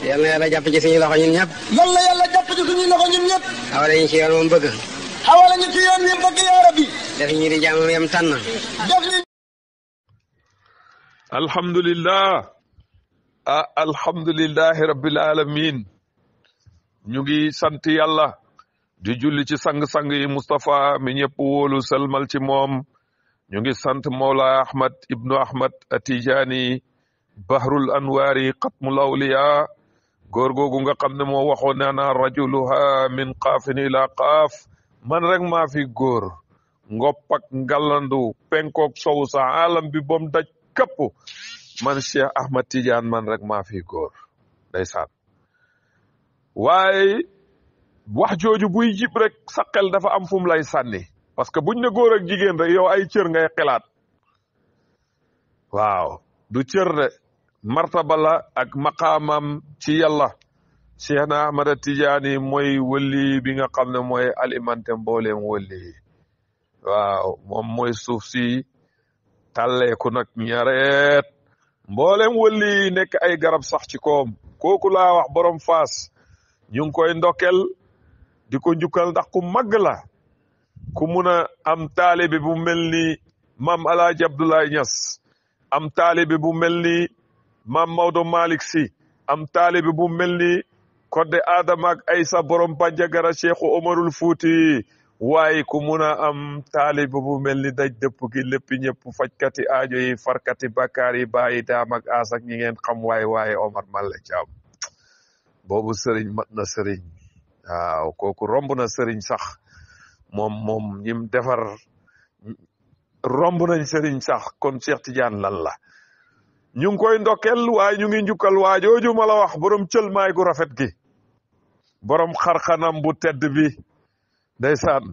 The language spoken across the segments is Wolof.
Yalla yalla yàlla jàpp ci suñu loxo ñun ñëpp yal na yàlla jàpp ci suñu loxo ñun ñëpp xawale ñu ci yoon moom bëgg xawale ñu ci yoon wi bëgg yaa rabbi def ñi di jàmm yam tànn def alhamdulillah ah alhamdulillahi rabbil alamin ñu ngi sant yàlla di julli ci sang-sang yi Mustapha mi ñëpp wóolu salmal ci moom ñu ngi sant Mawla Ahmad ibnu Ahmad Atijani Bahrul Anwari Qatmul Awliya góor googu nga xam ne moo waxoon ne ana rajuluha min qaafin ila qaaf man rek maa fi góor ngopp ak ngalandu sowu sa alam bi bom daj këpp man Cheikh Ahmad Tidiane man rek maa fi góor ndeysaan waaye wax jooju buy jib rek sa xel dafa am fu mu lay sànni parce que buñ ne góor ak jigéen rek yow ay cër ngay waaw du cër de martaba la ak maqamam ci yàlla cheikh na ahmada tijaani mooy wëlli bi nga xam ne mooy alimenté mbooleem wëlli waaw moom mooy suuf si tàlleeku nag ñareet mboolem wëlli nekk ay garab sax ci koom kooku laa wax borom faas ñu ngi koy ndokkel di ko njukkal ndax ku màgg la ku mun a am taalibe bu mel ni maam Alaaji Abdoulaye am taalibe bu mel maam Maodo Malick si am taalibi bu mel ni kodde Adama ak Aysa borom Bandiagara Cheikh Omarul Fuuti waaye ku mun a am taalibi bu mel ni daj dëpp gi lépp ñëpp fajkati yi farkati bakkaar yi bàyyi daam ak aas ak ñi ngeen xam waaye waaye Omar Malla Thiam boobu sëriñ mat na romb na sëriñ sax moom moom ñim defar romb nañ sëriñ sax kon Cheikh Tidiane lan la ñu ngi koy ndokkel waaye ñu ngi njukkal waajooju ma la wax borom cëlmaay gu rafet gi borom xarxanam bu tedd bi saan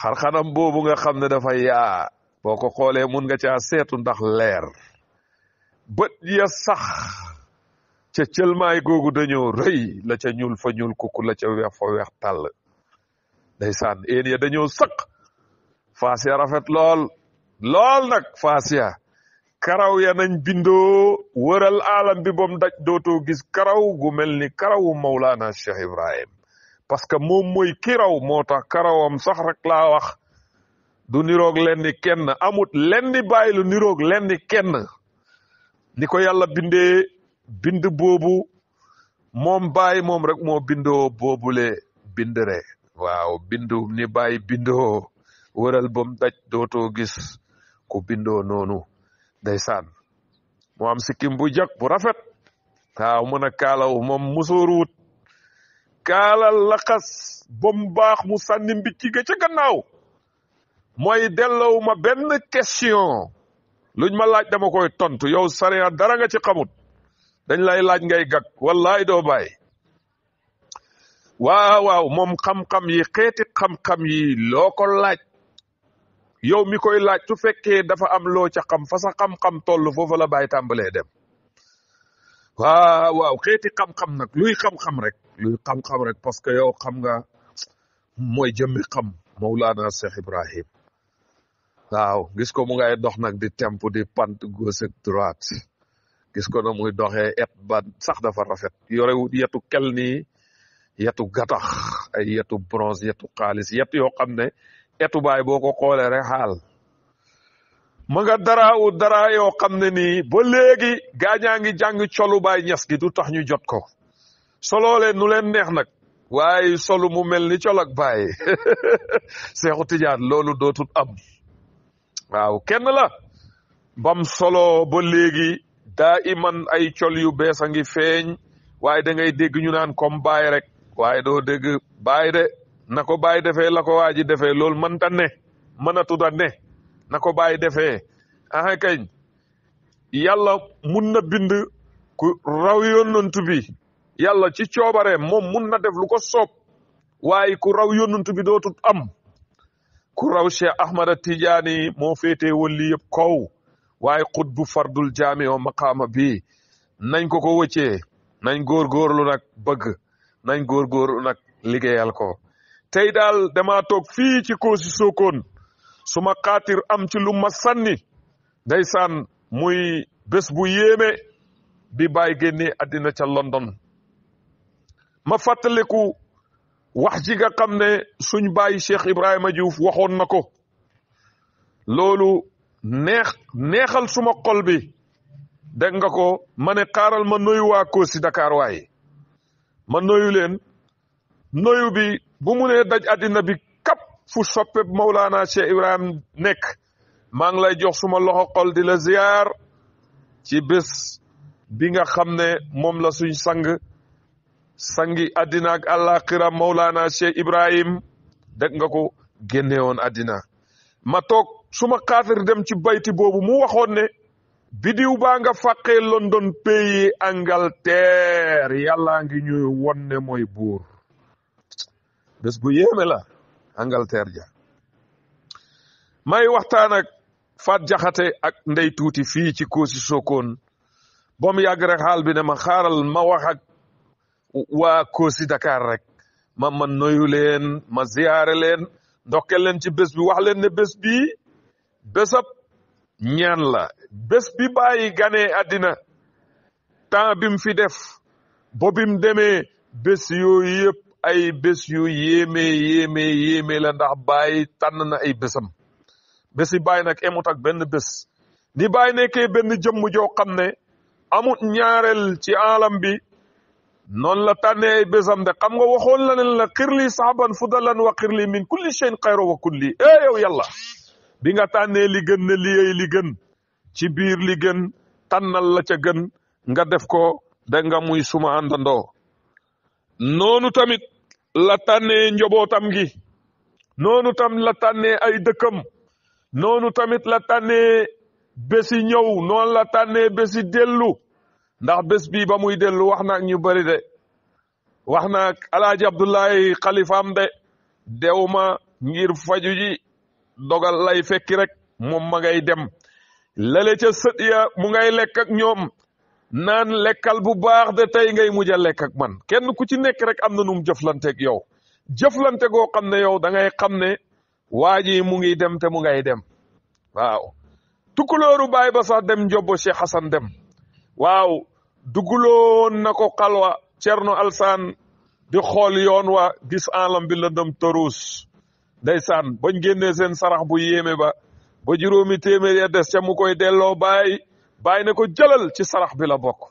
xarxanam boobu nga xam ne dafa yaa boo ko xoolee mun nga caa seetu ndax leer bët ya sax ca cëlmaay googu dañoo rëy la ca ñuul fa ñuul kukku la ca weex fa weex tàll ndeysaan een ya dañoo sëq faas ya rafet lool lool nag faas karaw ya nañ bindoo wëral alam bi bam daj dootoo gis karaw gu mel ni karawu Mawlaana Cheikh Ibrahim parce que moom mooy kiraw moo tax karawam sax rek laa wax du niroog lenn kenn amut lenn bàyyi lu niroog lenn kenn ni ko yàlla binde bind boobu moom bàyyi moom rek moo bindoo boobule bindere waaw bind ni bàyyi bindoo wëral bam daj dootoo gis ku bindoo noonu ndeysaan mu am sikkim bu jag bu rafet waaw mën a kaalaw moom musóoruwut kaala laxas bam baax mu sànni mbicci ci ca gannaaw mooy delloo ma benn question luñ ma laaj dama koy tontu yow sariya dara nga ci xamut dañ lay laaj ngay gag wallaay doo bàyyi waaw waaw moom xam-xam yi xeeti xam-xam yi loo ko laaj yow mi koy laaj su fekkee dafa am loo ca xam fa sa xam-xam toll foofu la bàyyi tàmbalee dem waaw waaw xeeti xam-xam nag luy xam-xam rek luy xam-xam rek parce que yow xam nga mooy jëmmi xam Mawlana Cheikh Ibrahim waaw gis ko mu ngay dox nag di temp di pant gauche droite gis ko na muy doxee et ba sax dafa rafet yorewut yetu kel ni yetu gatax ay yetu bronze yetu xaalis yet yoo xam ne etu baay boo ko rek xal ma nga dara u dara yoo xam ne nii ba léegi gaañaa ngi jàng colu baay ñas gi du tax ñu jot ko soloolee nu leen neex nag waaye solu mu mel ni colak baay seexu tijaan loolu dootul am waaw kenn la bam solo ba léegi daa iman ay col yu bees a ngi feeñ waaye da ngay dégg ñu naan comme baay rek waaye doo dégg baay de na ko bàyyi defee la ko waa ji defee loolu mënta ne mënatuta ne na ko bàyyi defee aha kañ yàlla mun na bind ku raw yonent bi yàlla ci coobare moom mun na def lu ko soob waaye ku raw yonent bi dootut am ku raw Cheikh Ahmada Tijaani moo féetee woon lii yëpp kaw waaye xutbu fardul jaami o bi nañ ko ko wëccee nañ góorgóorlu nag bëgg nañ góorgóorlu nag liggéeyal ko tey daal dema toog fii ci Kossy Sokone su ma xaatir am ci lu ma day ndeysaan muy bés bu yéeme bi bàyyi génnee àddina ca London ma fàttaliku wax ji nga xam ne suñ bàyyi Cheikh Ibrahima Diouf waxoon na ko loolu neexal suma xol bi dégg nga ko ma ne xaaral ma nuyu waa Kossy Dakar waaye ma nuyu leen noyu bi bu mu nee daj àddina bi kap fu soppe Mawlaana Cheikh Ibrahim nekk maa ngi lay jox suma loxo xol di la ziyaar ci bés bi nga xam ne moom la suñ sang sangi àddina ak àllaaxira Mawlaana Cheikh Ibrahim dégg nga ko génne woon àddina ma toog suma xaatir dem ci bayti boobu mu waxoon ne bidiw baa nga fàqee London pays Angleterre yàllaa ngi ñuy won ne mooy buur bés bu yéeme la Angleterre ja may waxtaan ak Fat Jaxate ak ndey tuuti fii ci Kossy Sokone ba mu yàgg xaal bi ne ma xaaral ma wax ak waa Kossy Dakar rek ma ma noyu leen ma ziyaare leen ndokke leen ci bés bi wax leen ne bés bi bésab ñaan la bés bi bàyyi ganee àddina temps bi mu fi def ba deme mu demee bés yooyu yëpp ay bés yu yéeme yéeme la ndax bàyyi tànn na ay bés bési bàyyi nag emut ak benn bés ni bàyyi nekkee benn jëmm joo xam ne amut ñaarel ci alam bi noonu la tànnee ay bésam de xam nga waxoon la ne la xirli saaban fudalan wa xirli min kulli shay'in xayro wa kulli eh yow yàlla bi nga tànnee li gën ne liyey li gën ci biir li gën tànnal la ca gën nga def ko da nga muy suma àndandoo noonu tamit la tànnee tam gi noonu tam la tànnee ay dëkkam noonu tamit la tànnee bési ñëw noonu la tànnee bési dellu ndax bés bii ba muy dellu wax naag ñu bëri de wax naag alaaji abdullahi xalifaam de dew ngir faju ji dogal lay fekki rek moom ma ngay dem lale ca ya mu ngay lekk ak ñoom naan lekkal bu baax de tey ngay mujj a lekk ak man kenn ku ci nekk rek am na nu mu jëflanteeg yow jëflante goo xam ne yow dangay xam ne waa ji mu ngi dem te mu ngay dem waaw tukulóoru baay ba sax dem njobbo Cheikh Hassan dem waaw duguloon na ko xalwa Cerno Alsaan di xool yoon wa gis alam bi lëndëm toruus ndeysaan bañ génnee seen sarax bu yéeme ba ba juróomi téeméer ya des ca mu koy delloo baay bàyyi ne ko jëlal ci sarax bila bokk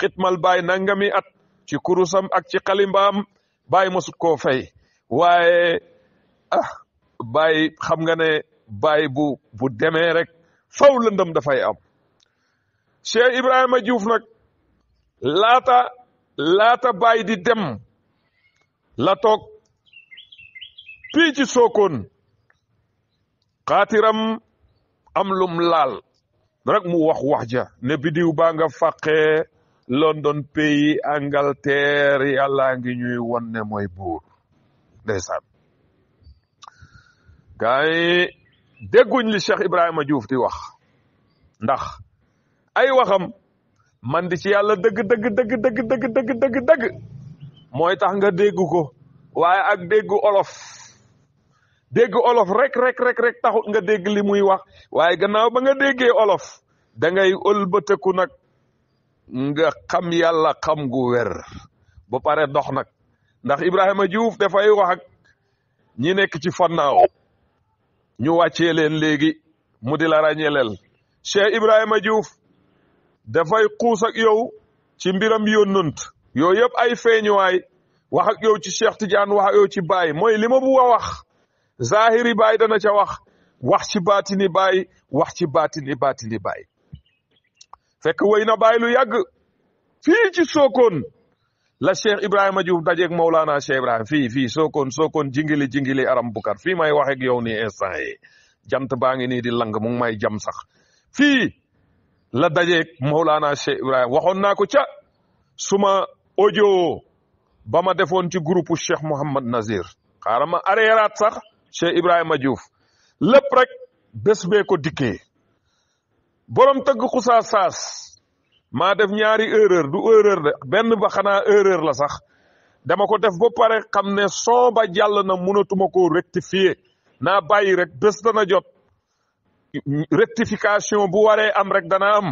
bokk mal bàyyi nangami at ci kurusam ak ci xalimbaam bàyyi mosut koo fay waaye ah bàyyi xam nga ne bàyyi bu bu demee rek faw lëndëm dafay am Cheikh Ibrahima Diouf nag laata laata bàyyi di dem la toog fii ci Sokone xaatiram am lum laal rek mu wax wax ja ne bidiw ba nga faqé london pays angleterre yàllaa ngi ñuy won ne mooy buur ndeysaan gaay li cheikh ibrahima diouf di wax ndax ay waxam man di ci yalla deug deug deug deug deug deug deug deug moy tax nga deggu ko waye ak deggu olof deggu olof rek rek rek rek taxut nga dégg li muy wax waye gannaaw ba nga olof da ngay ëlbateku nag nga xam yàlla xam gu wér ba pare dox nag ndax Ibrahima Diouf dafay wax ak ñi nekk ci fannaaw ñu wàccee leen léegi mu di la ràññeeleel Cheikh Ibrahima Diouf dafay xuus ak yow ci mbiram yónnant yooyu yëpp ay feeñuwaay wax yow ci Cheikh Tidiane wax ak yow ci baay mooy lima ma wax zahiri baay dana ca wax wax ci baatini baay wax ci baatini baatini baay fekk wayna na bàyyi lu yàgg fii ci sokon la Cheikh Ibrahima Diouf dajé ak Maulana Cheikh ibrahim fi fi sokon sokon jingili jingili aram bukar fi may wax ak yow ni instant yi jant baangi ni di lang mu may jam sax fi la dajé ak Maulana Cheikh ibrahim waxon nako ca suma audio bama defon ci groupe Cheikh mohammed Nazir xarama ma areeraat sax Cheikh Ibrahima Diouf lépp rek besbe ko dikke borom tëgg xusaa saas maa def ñaari erreur du erreur de benn ba xanaa heureur la sax dama ko def ba pare xam ne son ba jàll na mënatuma koo rectifier naa bàyyi rek bés dana jot rectification bu waree am rek dana am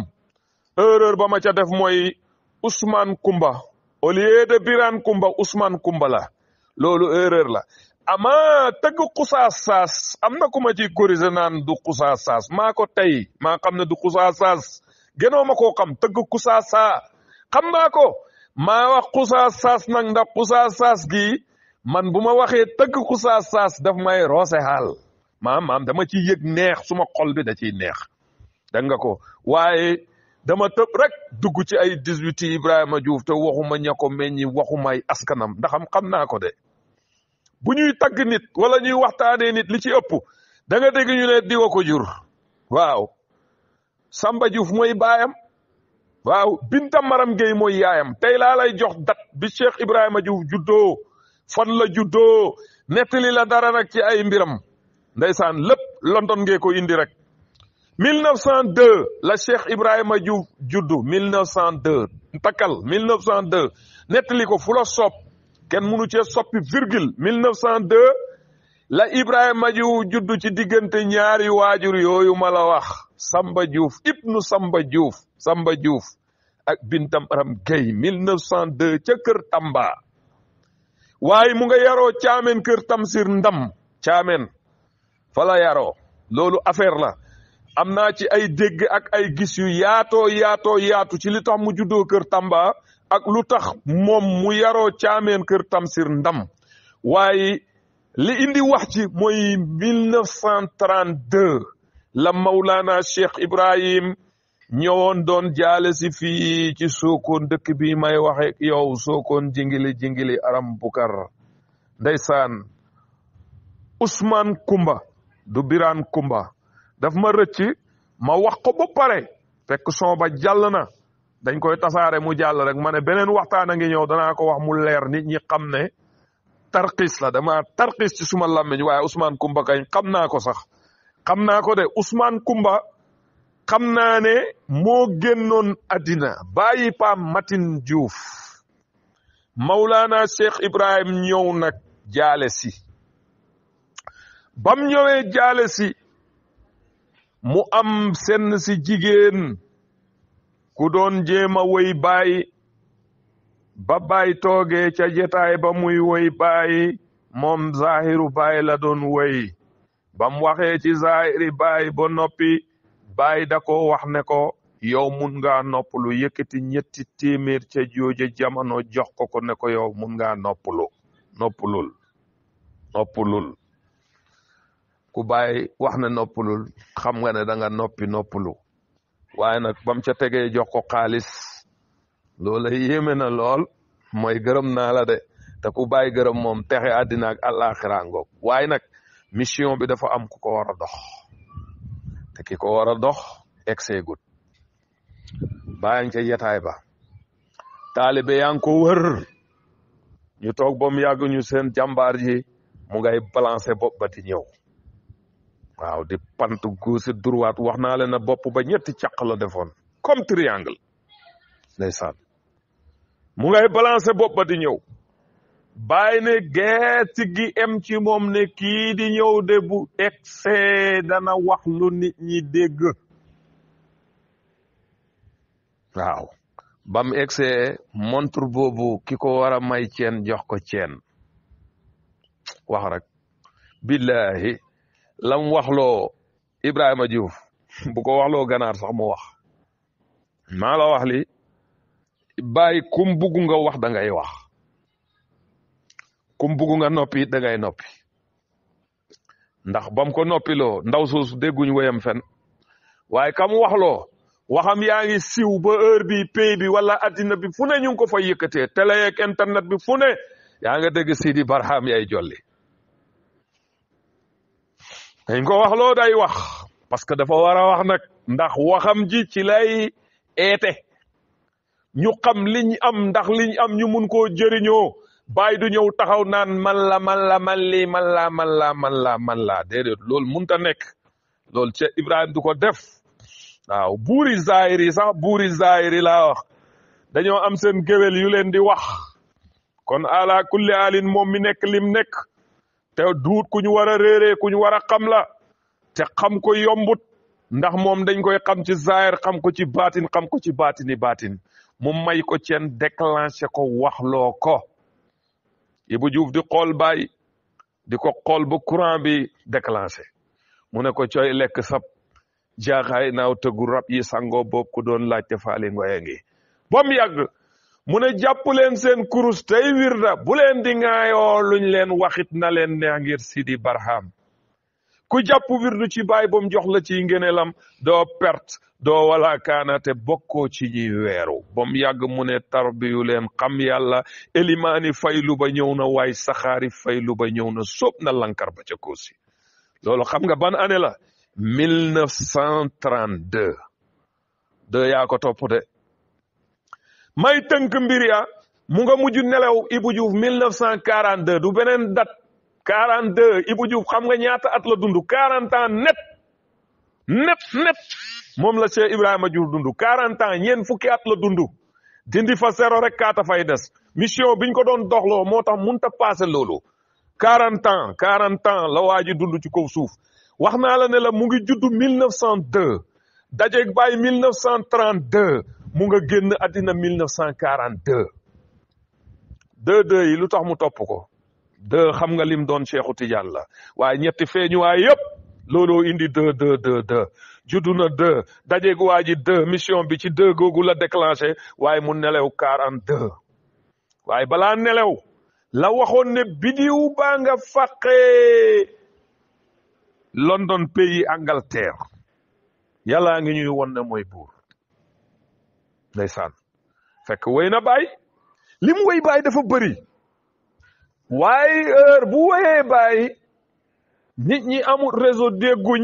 erreur ba ma ca def mooy Ousmane Kumba au lieu de Birane Kumba Ousmane Kumba la loolu erreur la ama tëgg xusaas saas am na ku ma ciy corriger naan du xusaas saas maa ko tey maa xam ne du xusaas saas gënoo ma koo xam tëgg xusaas saa xam naa ko maa wax xusaas saas nag ndax xusaas saas gi man bu ma waxee tëgg xusaas saas daf may roose xaal maam maam dama ci yëg neex suma xol bi da ci neex da nga ko waaye dama tëb rek dugg ci ay 18 Ibrahima Diouf te ma ña ko meññi waxumay askanam ndaxam xam naa ko de bu ñuy tag nit wala ñuy waxtaanee nit li ci ëpp da nga dégg ñu ne diwa ko jur waaw samba juuf mooy baayam waaw binta maram gey mooy yaayam tey laa lay jox dat bi cheikh ibrahima juuf juddoo fan la juddoo nettali la dara nag ci ay mbiram ndeysaan lépp london ngee ko indi rek 1902 la cheikh ibrahima juuf juddu 1902 takal. 1902 nettali ko fu la sopp kenn mënu cee soppi virgule mille neuf cent la Ibrahima Diouf juddu ci diggante ñaari waajur yooyu ma la wax Samba Diouf ibnu Samba Diouf Samba Diouf ak Bintam Aram Gueye mille ca kër Tamba waaye mu nga yaroo caameen kër Tamsir Ndam caameen fa yaro loolu affaire la am naa ci ay dégg ak ay gis yu yaato yaatoo yaatu ci li tax mu juddoo kër Tamba ak lu tax moom mu yaroo caameen kër Tamsir Ndam waaye li indi wax ci mooy 1932 la Maulana Cheikh Ibrahim ñëwoon doon jaale si fii ci Sokone dëkk bi may waxe yow Sokone jingili jingili aram bukar ndeysaan Ousmane Kumba du Biraan Kumba daf ma rëcc ma wax ko ba pare fekk son ba jàll na dañ koy tasaare mu jàll rek ma ne beneen waxtaan a ngi ñëw danaa ko wax mu leer nit ñi xam ne tarxiis la dama tarxiis ci suma làmmiñ waaye Ousmane Kumba kañ xam naa ko sax xam naa ko de usmaan Kumba xam naa ne moo génnoon addina bàyyi Pape Matin Diouf Maulana Cheikh Ibrahim ñëw nag jaale si bam ñëwee jaale si mu am senn si jigéen ku doon jéema woy baay ba baay toogee ca jetaay ba muy woy baay moom zaahiru baay la doon woy ba mu waxee ci zaahiri baay ba noppi baay da ko wax ne ko yow mun ngaa noppalu yëkkati ñetti téeméer ca jooja jamono jox ko ko ne ko yow mun ngaa noppalu noppalul noppalul ku baay wax ne noppalul xam nga ne danga nga noppi noppalu waaye nag bam ca tegee jox ko xaalis loola yéeme na lool mooy gërëm naa la de te ku bàyyi gërëm moom texe àddina ak àllaaxira ngoog waaye nag mission bi dafa am ku ko war a dox te ki ko war a dox excès gut bàyyi ca yetaay ba taalibe yaa ko wër ñu toog ba mu seen jàmbaar ji mu ngay balancer bopp ba ti ñëw waaw di pantu gauche droite wax naa leen ne bopp ba ñetti càq la defoon comme triangle ndeysaan mu ngay balancer bopp ba di ñëw bàyyi ne geeti gi em ci moom ne kii di ñëw de bu dana wax lu nit ñi dégg waaw bam excès montre boobu ki ko war a may ceen jox ko ceen wax rek billahi lam waxloo Ibrahima Diouf bu ko waxloo ganaar sax mu wax maa la wax li bàyyi kum bugg nga wax da ngay wax kum bugg nga noppi it da ngay noppi ndax bam ko noppiloo ndaw soosu dégguñ woyam fen waaye kam waxloo waxam yaa ngi siw ba heure bi pays bi wala addina bi fu ne ñu ko fa yëkkatee télé yeeg internet bi fu ne yaa nga dégg Sidi Barham yay jolli dañ ko wax loo day wax parce que dafa war a wax nag ndax waxam ji ci lay eete ñu xam liñ am ndax liñ am ñu mun koo jëriñoo bàyyi du ñëw taxaw naan man la man la man lii man la man la man la man la déedéet loolu munta nekk loolu ci Ibrahima du ko def waaw buuri zaahiri sax buuri zaahiri laa wax dañoo am seen géwél yu leen di wax kon ala kulli alin moom mi nekk lim nekk te duut ku ñu war a réeree ku ñu war a xam la te xam ko yombut ndax moom dañ koy xam ci zaahir xam ko ci baatin xam ko ci baatini baatin mu may ko ceen déclenché ko waxloo ko Ibou Diouf di xool baay di ko xool ba courant bi déclenché mu ne ko cooy lekk sab jaaxaay naaw tëggu rab yi sangoo boobu ku doon laajte faali ngoye ngi bom yàgg mu ne jàpp leen seen kurus tey wirda bu leen di ŋaayoo luñ leen waxit na leen neex ngir Sidi Barham ku jàpp wirdu ci baay bam jox la ciy ngëneelam doo perte doo wala kaana te bokkoo ci ñi weeru bam yàgg mu ne tarbiyu leen xam yàlla elimaani faylu ba ñëw na waay saxaari faylu ba ñëw na sóob na lankar ba ca koosi xam nga ban année la 1932 de yaa ko topp de may tënk mbir ya mu nga mujj nelaw Ibou Diouf 1942 du beneen dat 42 Ibou Diouf xam nga ñaata at la dund 40 net net net moom la Cheikh Ibrahima Diouf dund 40 ans ñeent fukki at la dund dindi fa sero rek kaata fay des mission biñ ko doon doxloo moo tax mënut a loolu 40 ans 40 ans la waa ji dund ci kaw suuf wax naa la ne la mu ngi judd 1902 dajeeg bàyyi 1932. mu nga génn àddina mille neuf cent quarante deux deux yi lu tax mu topp ko deux xam nga lim doon Cheikhu Tidiane la waaye ñetti feeñuwaay yëpp looloo indi deux deux deux juddu na deux dajeeg waa ji deux mission bi ci deux googu la déclenché waaye mu nelew quarante waaye balaa nelew la waxoon ne bidiw baa nga fàqee London pays Angleterre yàllaa ngi ñuy won ne mooy buur ndeysaan fekk wéy na baay li woy wéy baay dafa bëri waaye heure bu wéyee baay nit ñi amul réseau dégguñ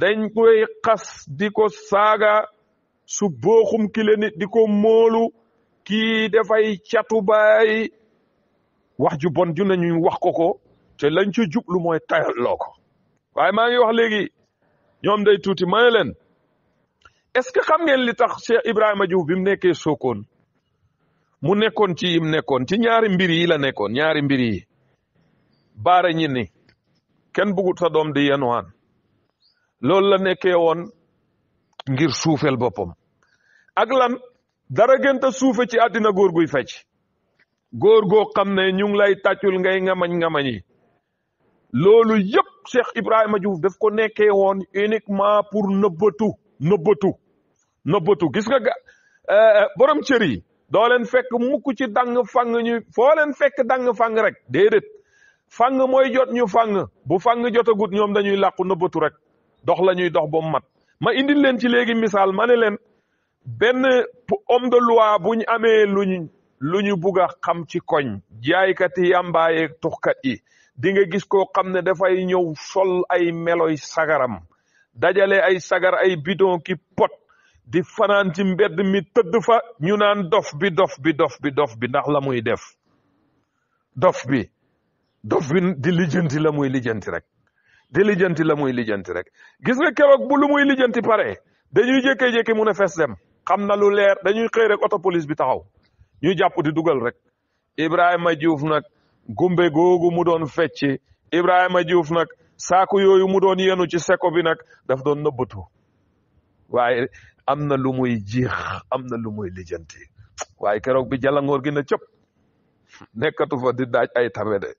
dañ koy xas di ko saaga su booxum kile nit di ko moolu ki defay catu baay wax ju bon ju nañu wax ko ko te lañ ci jublu mooy tayalloo ko waaye maa ngi wax léegi ñoom day tuuti ma ne leen est-ce que xam ngeen li tax Cheikh Ibrahima Diouf bi mu nekkee Sokone mu nekkoon ci mu nekkoon ci ñaari mbir yi la nekkoon ñaari mbir yi baara ñi ni kenn bëggut sa doom di yenuwaan loolu la nekkee woon ngir suufeel boppam ak lan dara gënta suufe ci àddina góor guy fecc góor goo xam ne ñu ngi lay tàccul ngay ngamañ-ngamañ yi loolu yëpp Cheikh Ibrahima Diouf def ko nekkee woon uniquement pour nëbbatu nëbbatu nëbbatu gis nga ga eh, eh, borom cër yi doo leen fekk mukk ci dang fang ñu fooleen fekk dang fang rek déedéet fang mooy jot ñu fang bu fang jotagut ñoom dañuy làqu nëbbatu rek dox la ñuy dox ba mu mat ma indil leen ci léegi misaal ma ne leen benn om de luwa bu ñu amee luñ lu ñu bugg a xam ci koñ jaaykat yi yàmbaayeeg tuxkat yi di nga gis koo xam ne dafay ñëw sol ay meloy sagaram dajale ay sagar ay bidon ki pot di fanaan ci mbedd mi tëdd fa ñu naan dof bi dof bi dof bi dof bi ndax la muy def dof bi dof bi di lijjanti la muy lijjanti rek di lijjanti la muy lijjanti rek gis na keroog bu lu muy lijjanti pare dañuy jékkee-jékki mun fes dem xam na lu leer dañuy xëy rek oto police bi taxaw ñu jàpp dugal rek Ibrahima Diouf nag gumbe googu mu doon fecc Ibrahima Diouf nag saaku yooyu mu doon yenu ci seko bi nag daf doon nëbbatu waaye am na lu muy jiix am na lu muy lijjanti waaye keroog bi jalangoor gi na cëpp nekkatu fa di daaj ay tame de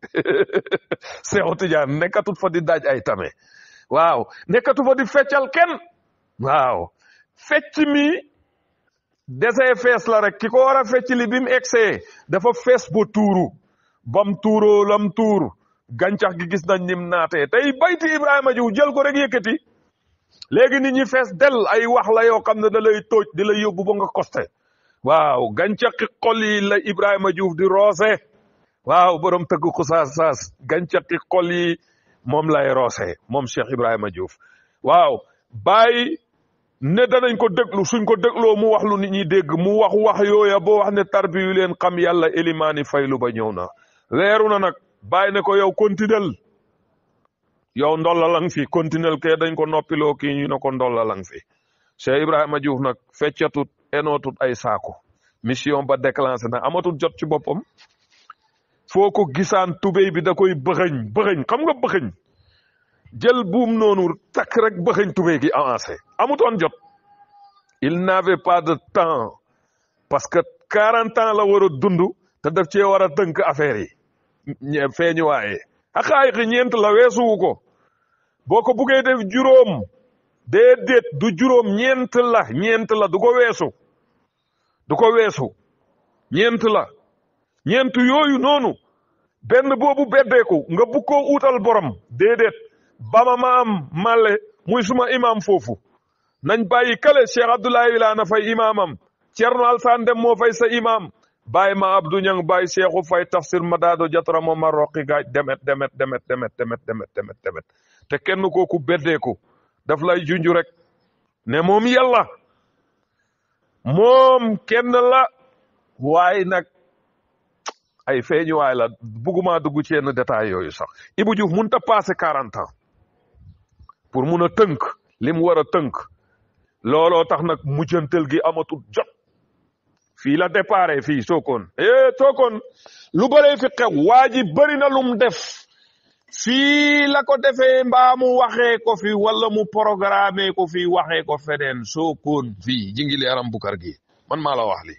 Seexu Tijaan nekkatu fa di daaj ay tame waaw nekkatu fa di feccal kenn waw fecc mi desee fees la rek ki ko war a fecc li bi mu egsee dafa fees ba tuuru bam tuuroo tuur gàncax gi gis nañ nim naatee tey bayti Ibrahima jiw jël ko rek yëkkati léegi nit ñi fees del ay wax la yoo xam ne da lay tóoj di la yóbbu ba nga koste waaw gàncaxi xol yi la Ibrahima Diouf di roose waaw borom tëgg ko saas saas gàncaxi xol yi moom lay roose moom Cheikh Ibrahima Diouf waaw bàyyi ne danañ ko déglu suñ ko dégloo mu wax lu nit ñi dégg mu wax wax yooya boo wax ne tarbi yu leen xam yàlla élimaani faylu ba ñëw na leeru na nag bàyyi ne ko yow kontinel yow ndollalang fi continuel ke dañ ko noppiloo ki ñu ne ko ndollalang fi cheikh ibrahima diouf nak feccatut enotut ay saako mission ba déclenché na amatut jot ci bopam foko gisan gisaan bi da koy beugñ beugñ xam nga beugñ jël buum noonu tak rek beugñ tubéy gi avancé amutoon jot il n'avait pas de temps parce que 40 ans la wara dundu, te daf ci wara teunk affaire yi feeñuwaaye ñent la wessu ko boo ko buggee def juróom déedéet du juróom ñeent la ñeent la du ko weesu du ko weesu ñeent la ñeent yooyu noonu benn boobu beddeeku nga bugg uutal borom déedéet bama maam male muy suma imaam foofu nañ bàyyi kale Cheikh Abdoulaye Wilane fay imaamam Thierno Alassane Deme moo fay sa imaam bàyyi ma abdou ñang bàyyi seexu fay tafsir ma daado jatara moom ma roqi demet demet demet demet te kenn kooku beddeeku daf lay junju rek ne moom yàlla moom kenn la waaye nag ay feeñ waay la bugguma dugg ci yenn détail yooyu sax Ibou Diouf mënut a passé quarante ans pour mun a tënk li mu war a tënk looloo tax nag mujjantal gi amatul jot fi la déparé fi sokon eh sokon lu bare fi xew waji bari na lum def fi la ko defé mbaa mu ko fi wala mu programme ko fi waxé ko feneen Sokone jingili aram bukar gi man mala wax li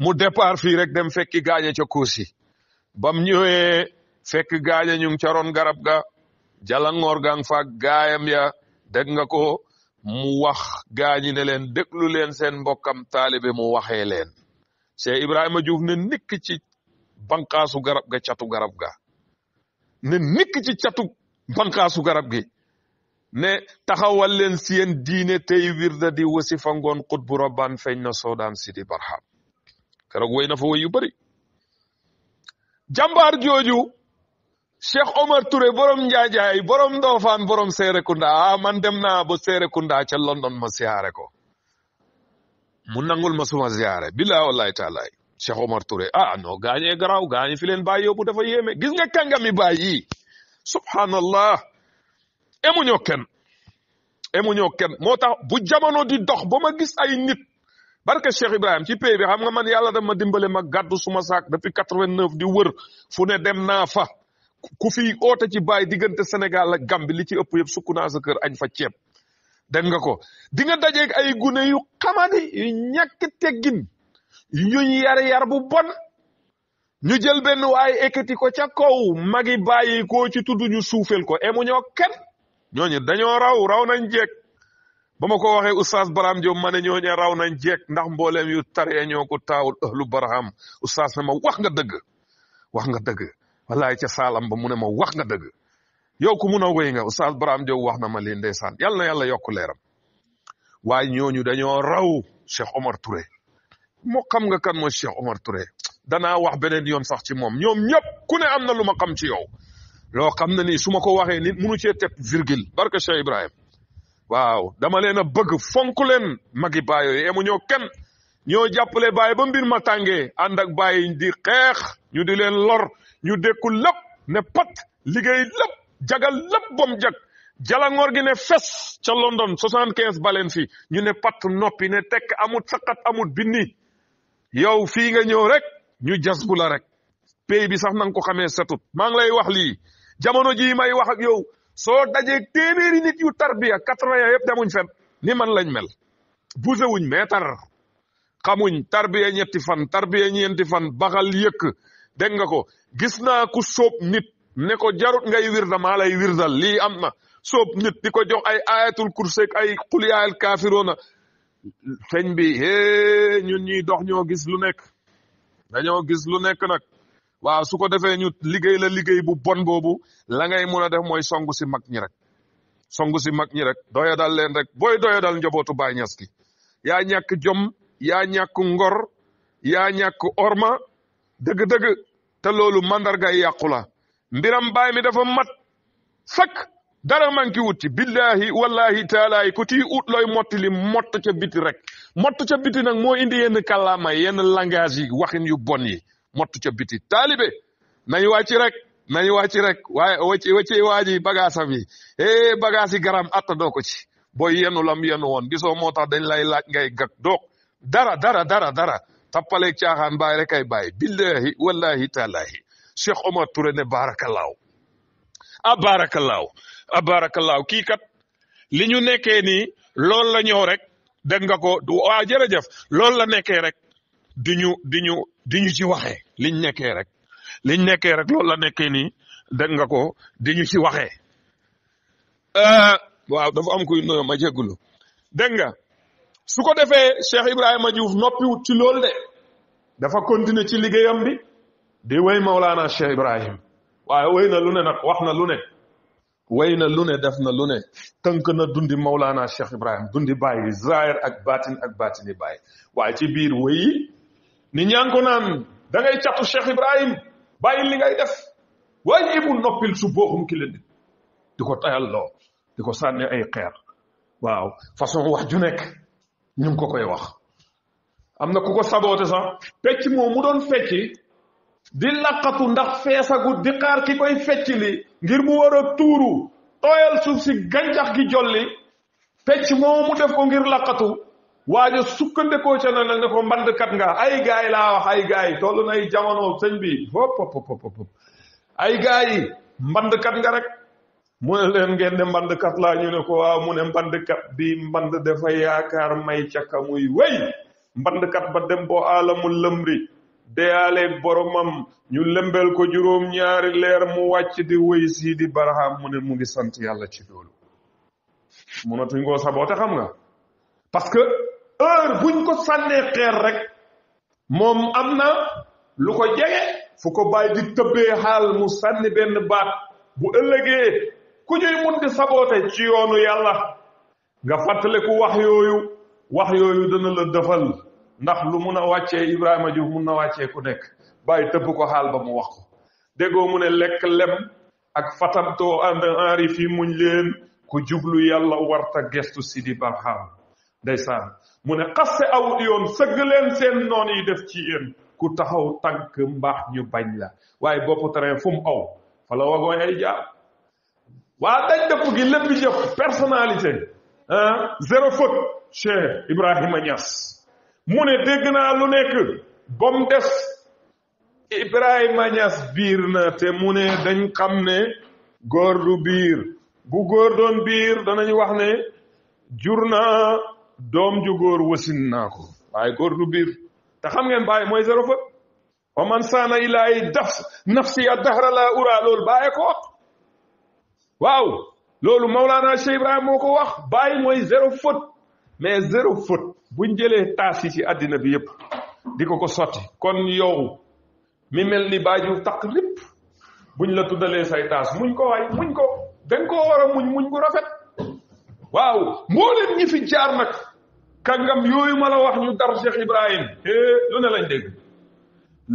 mu départ fi rek dem fekki gañé ci kursi bam ñëwé fekk gañé ñu ci garab ga jalangor gang fa gaayam ya deg nga ko mu wax gaañi ne leen déglu leen seen mbokkam taalibe mu waxee leen Cheikh Ibrahima Diouf ne nikk ci banqaasu garab ga catu garab ga ne nikk ci catu banqaasu garab gi ne taxawal leen seen diine tey wirda di wasifa ngoon xutbu rabban feeñ na soodaan sidi barham keroog woy na fa woy yu bëri jàmbaar Cheikh Omar Touré borom njaajaay borom Ndofane borom Serekunda ah man dem naa ba Serekunda ca London ma siyaare ko mu nangul ma suma siyaare bilaa wallahi taalaay Cheikh Omar Touré ah non gaañee garaaw gaañi fi leen bàyyi yóbbu dafa yéeme gis nga kàngami bàyyi subhanallah emuñoo kenn emuñoo kenn moo tax bu jamono di dox ba ma gis ay nit barke Cheikh Ibrahim ci pays bi xam nga man yàlla dama dimbale ma gàddu suma saak depuis quatre-vingt-neuf di wër fu ne dem naa fa ku fi oote ci baay diggante Sénégal ak Gambie li ci ëpp yëpp sukk naa kër añ fa ceeb dégg nga ko di nga ay gune yu xamadi yu ñàkk teggin ñuñ yar yar bu bon ñu jël benn waay ekkati ko ca kaw magi bàyyi ko ci tudd ñu suufel ko emu ñoo kenn ñooñu dañoo raw raw na jeeg ba ma ko waxee oustaz Barham Diop ma ne ñooñu raw nañ jeeg ndax mbooleem yu taree ñoo ko taawul ëhlu Barham oustaz ne ma wax nga dëgg wax nga dëgg wallaay ca saalam ba mu ne ma wax nga dëgg yow ku mun a wéy nga oustaz Braham Diop wax na ma lii ndeysaan yàlla na yàlla yokk leeram waaye ñooñu dañoo raw Cheikh Omar Touré moo xam nga kan mooy Cheikh Omar Touré danaa wax beneen yoon sax ci moom ñoom ñëpp ku ne am na lu ma xam ci yow loo xam ne ni su ma ko waxee nit munu cee teg virgule barke Cheikh Ibrahim waaw dama leen a bëgg fonk leen magi baay yooyu emu ñoo kenn ñoo jàppale baay ba mbir ma tàngee ànd ak baay di xeex ñu di leen lor ñu dékku lépp ne pat liggéey lépp jagal lépp bam jag jalangoor gi ne fes ca London soixante quinze baleen fii ñu ne pat noppi ne tekk amut saqat amut binni yow fii nga ñëw rek ñu jas bula rek pays bi sax na nga ko xamee setut maa ngi lay wax lii jamono jii may wax ak yow soo dajee téeméeri nit yu tarbiya quatre-vingts yëpp demuñ fen ni man lañ mel bougé wuñ meetar xamuñ tarbiya ñetti fan tarbiya ñeenti fan baxal yëk dégg nga ko gis naa ku sóob nit ne ko jarut ngay wirda maa lay wirdal lii am na sóob nit di ko jox ay ayatul kursi ay qul yaa al kaafiruuna bi é ñun ñuy dox ñoo gis lu nekk dañoo gis lu nekk nag waaw su ko defee ñu liggéey la liggéey bu bon boobu la ngay mun a def mooy songu si mag ñi rek songu si mag ñi rek doya dal leen rek booy doya dal njabootu Baay Ñas gi ñàkk jom yaa ñàkk ngor yaa ñàkk orma dëgg-dëgg te loolu mandarga yi yàqu la mbiram mbaay mi dafa mat sak dara manki wut ci billahi wallahi taalaayi ku tii ut looy motti li mott ca biti rek mott ca biti nag moo indi yenn kàllaama yenn langage yi waxin yu bon yi mott ca biti taalibe nañu wàcc rek nañu wàcc rek waaye wacci wacci waa ji bagaasam yi eh bagaas yi garam atta doo ko ci booy yenu lam yenu woon gisoo moo tax dañ lay laaj ngay gag doog dara dara dara dara tappaleeg caaxaan bàyyi rek ay bàyyi billahi wallahi taalahi Cheikh Omar Touré ne barakalaaw a barakalaaw a barakalaaw kii kat li ñu nekkee nii loolu la ñëw rek dégg nga ko waaw jërëjëf loolu la nekkee rek di ñu ñu di ci waxee liñ nekkee rek liñ nekkee rek la nekkee nii dégg nga ko diñu ci waxe euh, waaw dafa am kuy nuyoo ma jégalu dégg nga su ko defee Cheikh Ibrahima Diouf noppiwut ci loolu de dafa continuer ci liggéeyam bi di wéy Maulana Cheikh Ibrahim waaye wéy na lu ne nag wax na lu ne way na lu ne def na lu ne tënk na dundi Maulana Cheikh Ibrahim dundi bàyyi zahir ak baatin ak baatini bàyyi waaye ci biir wéy yi ni ñaa ko naan da ngay catu Cheikh Ibrahim bàyyi li ngay def waaye ibu noppil su booxum ki leen di ko tayalloo di ko sànni ay xeer waaw façon wax ju ñu ngi ko koy wax am na ku ko saboote sax pecc moom mu doon fecci di laqatu ndax feesagu di xaar ki koy fecc li ngir mu war a tuuru tooyal suuf si gàncax gi jolli pecc moom mu def ko ngir laqatu waaye sukkandekoo ca na nag ne ko mbandkat nga ay gaay laa wax ay gaay tollu nay jamono sëñ bi hop hop ay gaay mbandkat nga rek mu ne leen ngeen ne mbandkat laa ñu ne ko waaw mu ne mbandkat bi mband dafa yaakaar may ca ka muy wéy mbandkat ba dem boo alamul lëmri deyaaleeg boromam ñu lembel ko juróom ñaari leer mu wàcc di wéy sii di baraham mu ne mu ngi sant yàlla ci loolu mënatuñ koo saboote xam na parce que heure buñ ko sànnee xeer rek moom am na lu ko jege fu ko bàyyi di tëbbee xaal mu sànni benn baat bu ëllëgee ku ñuy mun di saboote ci yoonu yàlla nga ku wax yooyu wax yooyu dana la defal ndax lu mun a wàccee Ibrahima Diouf mun na wàccee ku nekk bàyyi tëpp ko xaal ba mu wax ko déggoo mu ne lekk lem ak fatamtoo ànd enri fi muñ leen ku jublu yàlla warta gestu Sidi Barham ndeysaan mu ne xaste aw yoon sëgg leen seen noon yi def ci yéen ku taxaw tànk mbaax ñu bañ la waaye bopp terrain fu aw fala wagoon ay jaar waa daj dëpp gi lépp jëf personnalité ah zéro faute Cheikh Ibrahima Niass mu ne dégg naa lu nekk ba mu des Ibrahima Niass biir na te mu ne dañ xam ne góor du biir bu góor doon biir danañ wax ne jur na doom ju góor wasin naa ko waaye góor du biir te xam ngeen bàyyi mooy zéro faute wa man saana ilaahi daf nafsi a dahra la ura loolu bàyyi ko waaw loolu Maulana Cheikh Ibrahima moo ko wax bàyyi mooy zéro faute mais zéro faute buñ jëlee taas yi ci àddina bi yëpp di ko ko sotti kon yow mi mel ni baaju taq lépp buñ la tuddalee say taas muñ ko waay muñ ko dañ koo war a muñ muñ ko rafet waaw mboolem ñi fi jaar nag kàngam yooyu ma la wax ñu dar Cheikh Ibrahima lu ne lañ dégg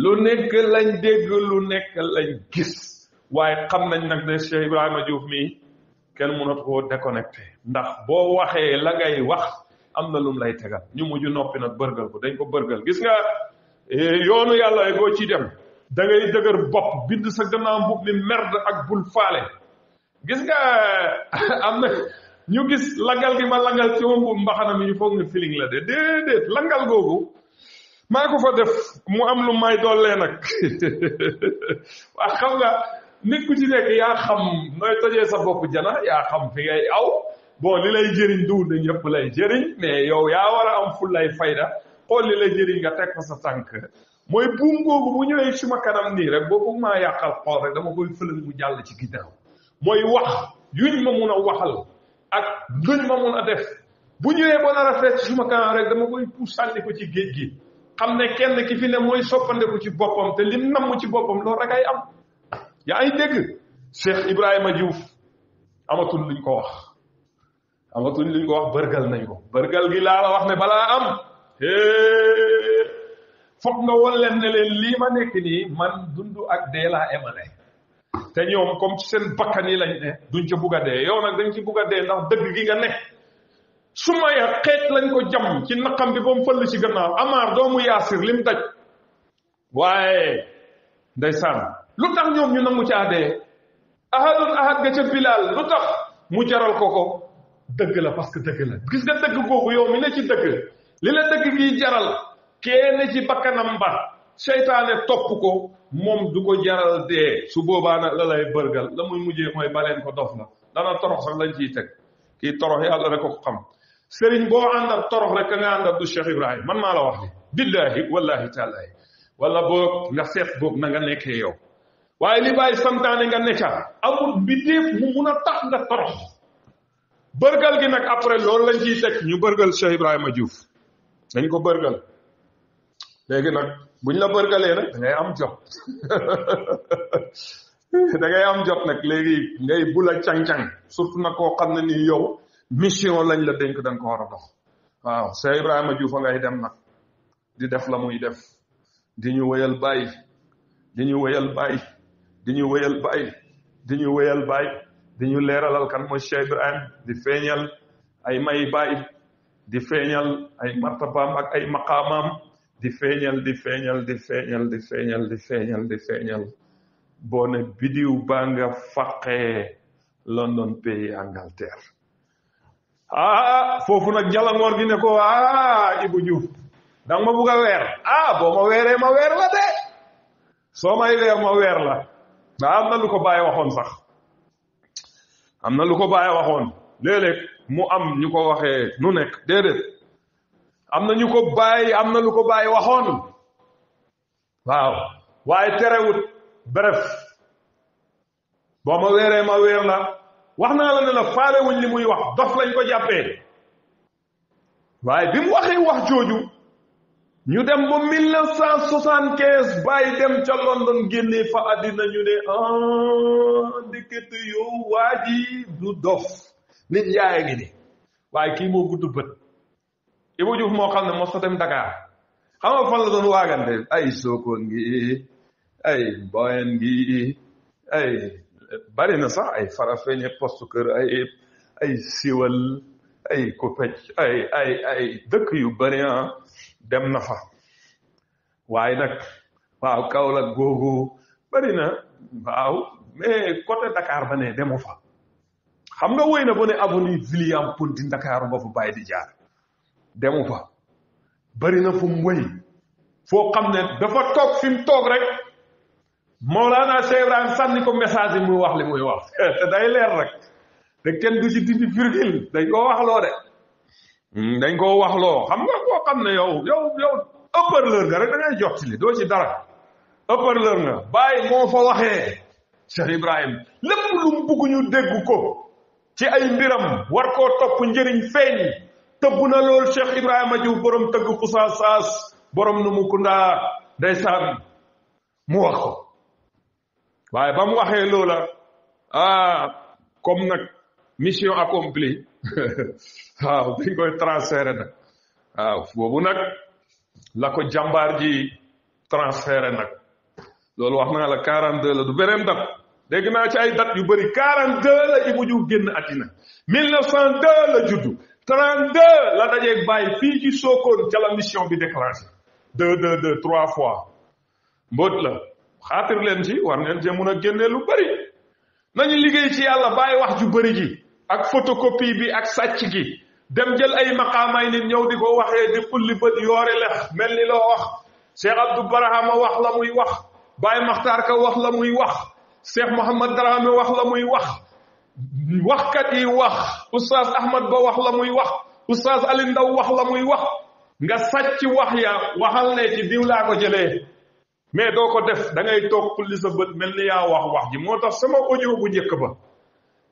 lu nekk lañ dégg lu nekk lañ gis waaye xam nañ nag ne Cheikh Ibrahima Diouf mii kenn mënatu koo déconnecté ndax boo waxee la ngay wax am na lum lay tegal ñu mujj noppi nag bërgal ko dañ ko bërgal gis nga yoonu yàlla boo ci dem da ngay dëgër bopp bind sa gannaaw mbub mi merde ak bul faale gis nga am na ñu gis langal gi ma langal ci bu mbaxana mi ñu foog ne feeling la de déedéet langal googu maa ko fa def mu am lu may dollee nag waa xam nga nit ku ci nekk yaa xam nooy tojee sa bopp jana yaa xam fi ngay aw bon li lay jëriñ du na ñëpp lay jëriñ mais yow yaa war a am lay fayda xool li lay jëriñ nga teg ko sa tànk mooy buum googu bu ñëwee suma kanam nii rek boobu maa yàqal xool rek dama koy fëlal mu jàll ci ginnaaw mooy wax yuñ ma mun a waxal ak luñ ma mun a def bu ñëwee ba nar a fees ci suma kanam rek dama koy puus sànni ko ci géej gi xam ne kenn ki fi ne mooy soppandeku ci boppam te lim namm ci boppam loolu rek ay am yaa ngi dégg Cheikh Ibrahima Diouf amatul luñ ko wax amatul luñ ko wax nañ ko bërgal gi laa la wax ne balaa am foog nga won leen ne leen lii ma nekk nii man dund ak dee laa emale te ñoom comme seen bakkan yi lañ ne duñ ca bugg a dee yow nag dañ ci bugg dee ndax dëgg gi nga ne su ma ya xeet lañ ko jam ci naqam bi ba mu ci gannaaw amaar doomu yaasir lim daj waaye ndeysaan lu tax ñoom ñu nangu caa dee ahadun ahad ga ca bilaal lu tax mu jaral ko ko dëgg la parce que dëgg la gis nga dëgg googu yow mi ne ci dëgg li la dëgg gi jaral kenn ci bakkanam ba seytaane topp ko moom du ko jaral dee su boobaa nag la lay bërgal la muy mujjee mooy baleen ko dof la dana torox sax lañ ciy teg kii torox yàlla rek ko xam sëriñ boo àndal torox rek ka nga àndal du Cheikh Ibrahima man maa la wax li billahi wallahi taalaahi wala boog nga seet boog na nga nekkee yow waaye li bàyyi santaane nga ne ca amul biddeef mu mun a tax nga torox bërgal gi nag après loolu lañ ciy teg ñu bërgal Cheikh Ibrahima Diouf dañ ko bërgal léegi nag buñ la bërgalee nag da am jot dangay am jot nag léegi ngay bula cang-cang surtout nag koo xam ne ni yow mission lañ la dénk da nga ko war a dox waaw Cheikh Ibrahima Diouf a ngay dem nag di def la muy def di ñu wëyal bàyyi di ñu wëyal bàyyi di ñu wéyal baay di ñu wéyal leeralal kan mooy Cheikh Ibrahim di feeñal ay may baay di feeñal ay martabaam ak ay maqaamaam di feeñal di feeñal di feeñal di feeñal di feeñal di feeñal boo baa nga faqee London pays Angleterre ah foofu nag jalangoor gi ne ko ah Ibou Diouf danga ma bugg weer ah boo ma weeree ma weer la de soo may weer ma weer la am na lu ko bàyyi waxoon sax am na lu ko bàyyi waxoon léeg mu am ñu ko waxee nu nekk déedéet am na ñu ko bàyyi am na lu ko bàyyi waxoon waaw waaye terewut bref boo ma weeree ma weer la wax na la ne la faale wuñ li muy wax dof lañ ko jàppee waaye bi mu wax jooju ñu dem ba mille neuf cent soixante quinze bàyyi dem ca London génnee fa àddina ñu ne ah ndekete yow waa du dof nit yaay ngi ni waaye kii moo gudd bët Ibou Diouf moo xam ne mos sa dem Dakar xam nga fan la doon waagante ay Sokone gi ay Mboyen gi ay bari na sax ay Farafeñe poste kër ay ay siwal ay Kopec ay ay ay dëkk yu bari ah dem na fa waaye nag waaw Kaolack googu bari na waaw mais côté Dakar ba ne demu fa xam nga woy na ba ne avenue William Ponty Ndakaaru nga fa bàyyi di jaar demu fa bari na fu mu woy foo xam ne dafa toog fi mu toog rek Mawlaana naa Ibrahim sànni ko message yi muy wax li muy wax te day leer rek te kenn du ci dindi virgule dañ koo wax loo de dañ wahlo, wax loo xam nga koo xam ne yow yow yow ëpparleur nga rek da ngay jox ci li doo ci dara ëpparleur nga bàyyi moo fa waxee cheikh ibrahim lépp lu mu bugg ñu dégg ko ci ay mbiram war koo topp njëriñ feeñ tëbb na lool cheikh ibrahima jiw borom tëgg xusaa saas borom nu mu kundaa ndeysaan mu wax ko waaye ba mu waxee loola ah comme nag mission accomplie waaw dañ koy transféré nag waaw boobu nag la ko jàmbaar ji transféré nag loolu wax naa la deux la du beneen dat dégg naa ci ay dat yu bëri deux la ibu ju génn atina deux la trente deux la dajeeg bàyyi fii ci sookoon ca la mission bi déclenché deux deux deux trois fois mbóot la xaatir leen ci war ngeen cee mun a génne lu bëri nañu liggéey ci yàlla bàyyi wax ju bëri ji ak photocopie bi ak sàcc gi dem jël ay maqaamaay nit ñëw di ko waxee di fulli bët yoré la melni lo wax cheikh abdou barahama wax la muy wax bay makhtar ka wax la muy wax cheikh mohammed darame wax la muy wax kat yi wax oustaz ahmad ba wax la muy wax oustaz ali ndaw wax la muy wax nga sàcc wax ya waxal ne ci diw la ko jëlé mais doo ko def da ngay tok fulli sa bët melni ya wax wax ji motax sama audio bu ñëk ba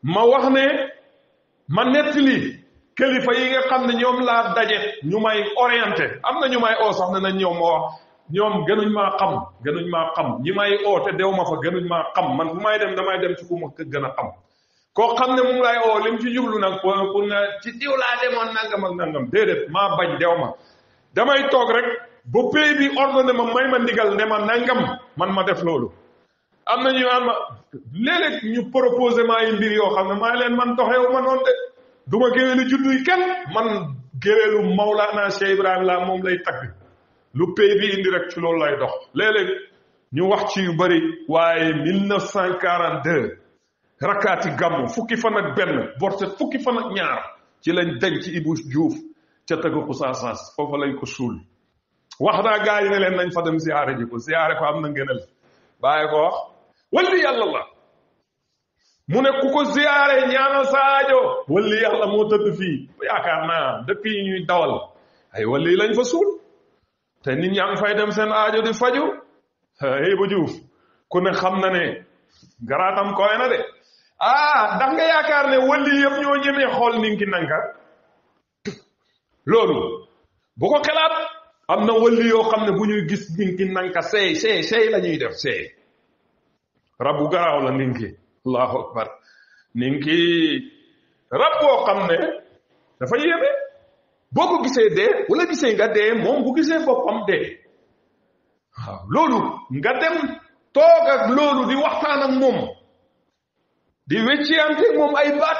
ma wax ne ma nettali kilifa yi nga xam ne ñoom laa daje ñu may orienté am na ñu may oo sax ne nañ ñoom moo wax ñoom gënuñ maa xam gënuñ maa xam ñi may oo te dew ma fa gënuñ maa xam man bu may dem damay dem ci ku ma gën a xam koo xam ne moom lay oo lim ci jublu nag pour pour ne ci diw laa demoon nangam ak nangam déedéet maa bañ dew ma damay toog rek ba pay bi ordonné ma may ma ndigal ne ma nangam man ma def loolu am na ñu am léeg-léeg ñu proposé maa mbir yoo xam ne maa leen man doxewu ma noon de du ma géwélu judduy kenn man géwélu Mawlaana Cheikh Ibrahima laa moom lay tagg lu pay bi indi ci loolu lay dox léeg ñu wax ci yu bëri waaye 1942 rakkaati gàmmu fukki fan ak benn borset fukki fan ak ñaar ci lañ denc ci Ibou Diouf ca tëgg ko saasaas foofa lañ ko suul wax naa gars yi ne leen nañ fa dem ziare ji ko ko am na ngeenal bàyyi ko wax wali yàlla la mu ne ku ko ziyaare ñaanal sa aajo wali yàlla moo tëdd fii yaakaar naa depuis yi ñuy dawal ay wali lañ fa suul te nit ñaa ngi fay dem seen aajo di faju hey bu juuf ku ne xam na ne garaatam koy na de ah ndax nga yaakaar ne wali yëpp ñoo ñemee xool ninki nanka loolu bu ko xelaat am na wali yoo xam ne bu ñuy gis ninki nanka seey seey seey la ñuy def seey rabu garaaw la ninki allahu akbar ni ki rab boo xam ne dafa yéeme boo ko gisee dee wala gisee nga dee moom bu gisee boppam dee waaw loolu nga dem toog ak loolu di waxtaan ak moom di wecciyante moom ay baat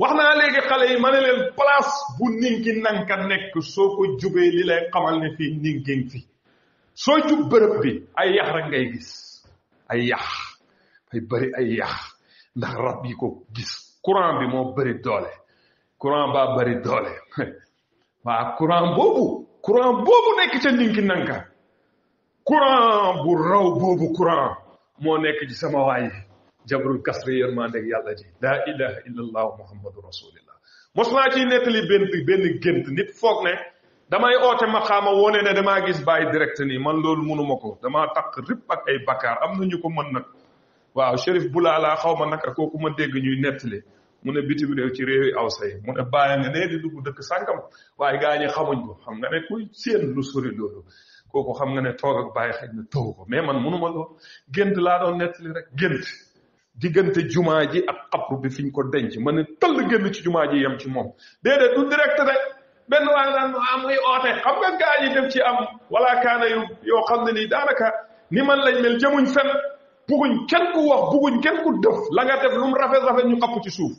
wax naa léegi xale yi ma ne leen place bu ninki nanka nekk soo ko jubee li lay xamal ne fii ninki fi soo jub bërëb bi ay yax rek ngay gis ay yax ay bëri ay yax ndax rab yi ko gis courant bi moo bari doole courant baa bëri doole waa courant boobu courant boobu nekk ca ninki nanka courant bu raw boobu courant moo nekk ci sama waay jabrul kasri yërmandeg yàlla ji laa ilaha illa muhammadu rasulillah mos naa ciy nettali benn benn gént nit foog ne damay oote maqaama wone ne damaa gis bàyyi direct nii man loolu mënuma ko damaa takk rip ak ay bakkaar am na ñu ko mën nag waaw shérif bulaala xaw ma naka kooku ma dégg ñuy nettali mu ne bitim réew ci réewi aw say mu ne bàyyi nga ne di dugg dëkk sànkam waaye gaa ñi xamuñ ko xam nga ne kuy seen lu sori loolu kooku xam nga ne toog ak bàyyi xëy na taw ko mais man munuma loo gént laa doon nettali rek gént diggante jumaa ji ak xabru bi fiñ ko denc ma ne tëll génn ci jumaa ji yem ci moom déedéet du direct de benn waay naan am muy oote xam nga gaa ñi dem ci am wala kaana yu yoo xam ne nii daanaka ni man lañ mel jëmuñ fenn buguñ kenn ku wax buguñ kenn ku def la def lu mu rafet rafet ñu xapp ci suuf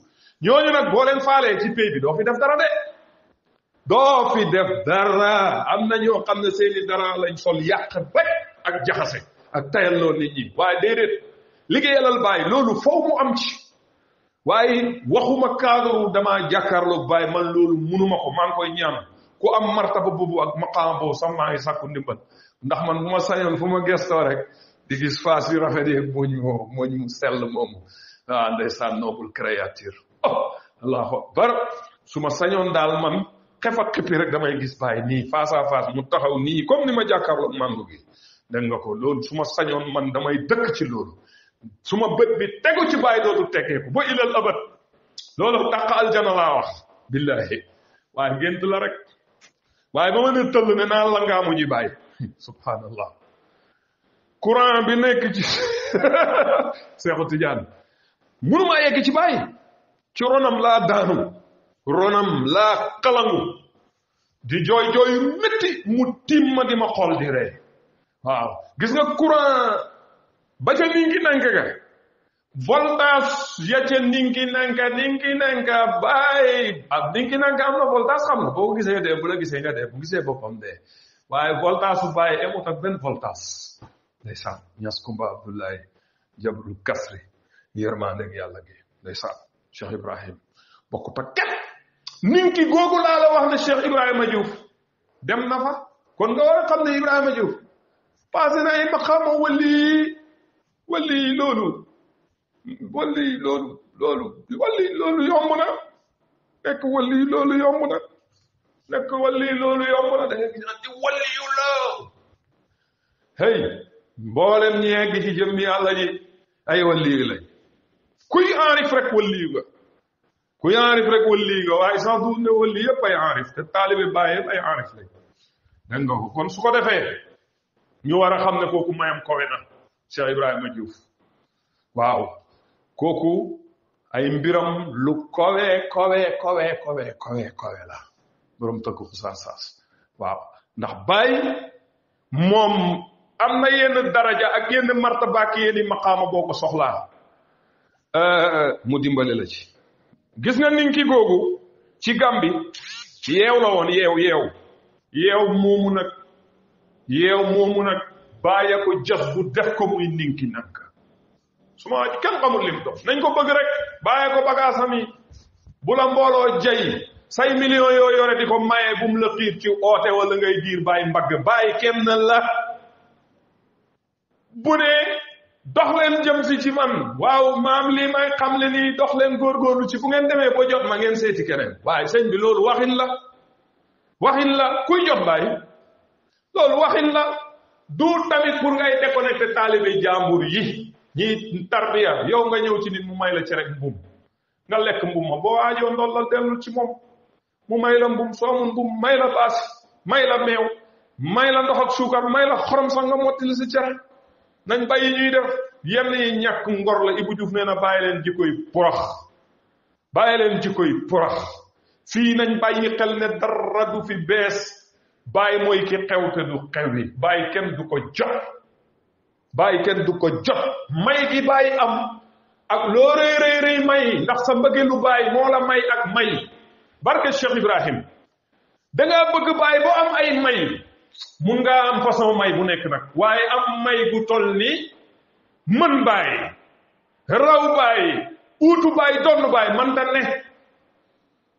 ñooñu nag boo leen faalee ci pays bi doo fi def dara de doo fi def dara am na ñoo xam ne seeni dara lañ sol yàq rek ak jaxase ak tayalloo nit ñi waaye déedéet liggéeyalal baay loolu foofu mu am ci waaye waxuma cadre damaa jàkkaarloog baay man loolu munuma ko maa koy ñaan ku am martaba boobu ak maqaama boobu sax maa ngi sàkku ndimbal ndax man bu ma sañoon fu ma gestoo rek di gis faas rafet yi muñ moo muñ mu sell moomu ah ndeysaan noble créature oh allahu akbar su ma sañoon daal man xef xippi rek damay gis bàyyi nii face à mu taxaw nii comme ni ma jàkkaarloog màngo gi dégg nga ko loolu su ma sañoon man damay dëkk ci loolu su ma bët bi tegu ci baay dootu tegee ko ba ilal abat loolu dàq aljana laa wax billahi waaye gént la rek waaye ba ma ne tëll ne naa la ngaamu ñu bàyyi subhanallah courant bi nekk ci Seexu Tijaan mënumaa yegg ci bàyyi ci ronam laa daanu ronam laa xalangu di jooy jooy métti mu timma di ma xool di ree waaw gis nga courant ba ca ninki nanka ga voltage ya ca ninki nanka ninki nanka bàyyi ab nanka am na voltage xam nga boo gisee dee bu la gisee nga dee bu gisee boppam dee waaye voltage su bàyyi emut ak benn ndeysaan ñas kumba abdoulaye jabrul kasri yërmandeeg yàlla gi ndeysaan cheikh ibrahim bokk pakket nin ki googu laa wax ne cheikh ibrahima diouf dem na kon nga war a xam ne ibrahima diouf passé na ay maqaama wali wali loolu wali loolu loolu yomb na nekk wali loolu yomb na nekk wali loolu yomb na da nga gis naan di yu la hey mboolem ñi gi ci jëmmi yàlla ji ay walliyu lañ kuy aarif rek walliyu kuy aarif rek walliyu waaye sax du ne walli yëpp ay aarif te taalibe Baay yëpp ay aarif lañ dégg nga kon su ko defee ñu war a xam ne kooku mayam kowe na Cheikh Ibrahima Diouf waaw kooku ay mbiram lu kowe kowe kowe kowe kowe kowe la borom fu saas saas waaw ndax Baay moom am na yenn daraja ak yenn martaba ak yenn maqaama boo ko soxlaa euh, mu dimbale la ci gis nga ninki googu ci Gàmbi yeew la woon yeew yeew moomu nag yeew moomu nag bàyyi ko jëf bu def ko muy ninki nag su ma kenn xamul lim doon nañ ko bëgg rek bàyyi ko bagaasam yi bu la mbooloo jay say millions yoo yore di ko maye bu la xiir ci oote wala ngay jiir bàyyi mbagg bàyyi kenn la bu ne dox leen jëm si ci man waaw maam lii may xam le nii dox leen góor góorgóorlu ci bu ngeen demee ba jot ma ngeen seeti keneen waaye sëñ bi loolu waxin la waxin la kuy jot bàyyi loolu waxin la du tamit pour ngay déconnecté taalibe jàmbur yi ñiy tarbiya yow nga ñëw ci nit mu may la ci mbuum nga lekk mbuum ma boo aajoo la dellul ci moom mu may la mbuum soomun mbuum may la baasi may la meew may la ndox ak suukar may la xorom sax nga mottali nañ bàyyi ñuy def yenn yi ñàkk ngor la Ibou Diouf nee na bàyyi leen jikkoy porox bàyyi leen jikkoy porox fii nañ bàyyi xel ne dara du fi bees bàyyi mooy ki xew te du xew yi bàyyi kenn du ko jot bàyyi kenn du ko jot may gi bàyyi am ak loo rëy rëy rëy may ndax sa mbëggee lu bàyyi moo la may ak may barke Cheikh Ibrahim da bëgg bàyyi boo am ay may mun ngaa am façon may bu nekk nag waaye am may gu toll ni mën bàyyi raw bàyyi uutu bàyyi donn bàyyi man ta ne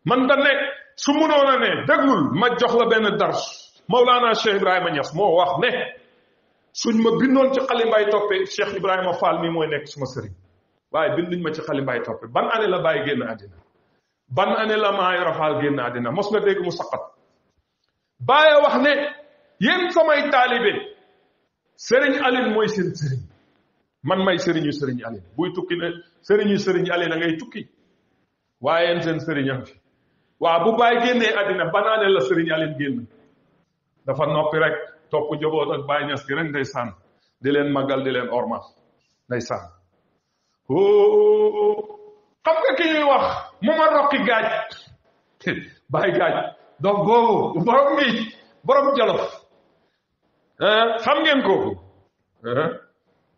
man ta ne su mënoon a ne déglul ma jox la benn dars Mawlaana Cheikh Ibrahima Niass moo wax ne suñ ma bindoon ci xalimbaay toppe Cheikh Ibrahima Fall mii mooy nekk suma sëriñ waaye binduñ ma ci xalimbaay toppe ban année la bàyyi génn àddina ban année la Maayoro Fall génn àddina mos nga dégg mu saqat bàyyi wax ne yéen samay talibé serigne Aline moy sen serigne man may serigne serigne Aline buy tukki ne serigne sëriñ Aline ngay tukki waye en sen serigne fi wa bu bay génné adina banane la serigne Aline génn dafa nopi rek top jobot ak bay ñass gi rek ngay san di len magal di len orma ngay ho xam nga ki ñuy wax mu ma roqi gaaj bay gaaj do boobu borom mi borom jalof Eh, xam ngeen kooku eh,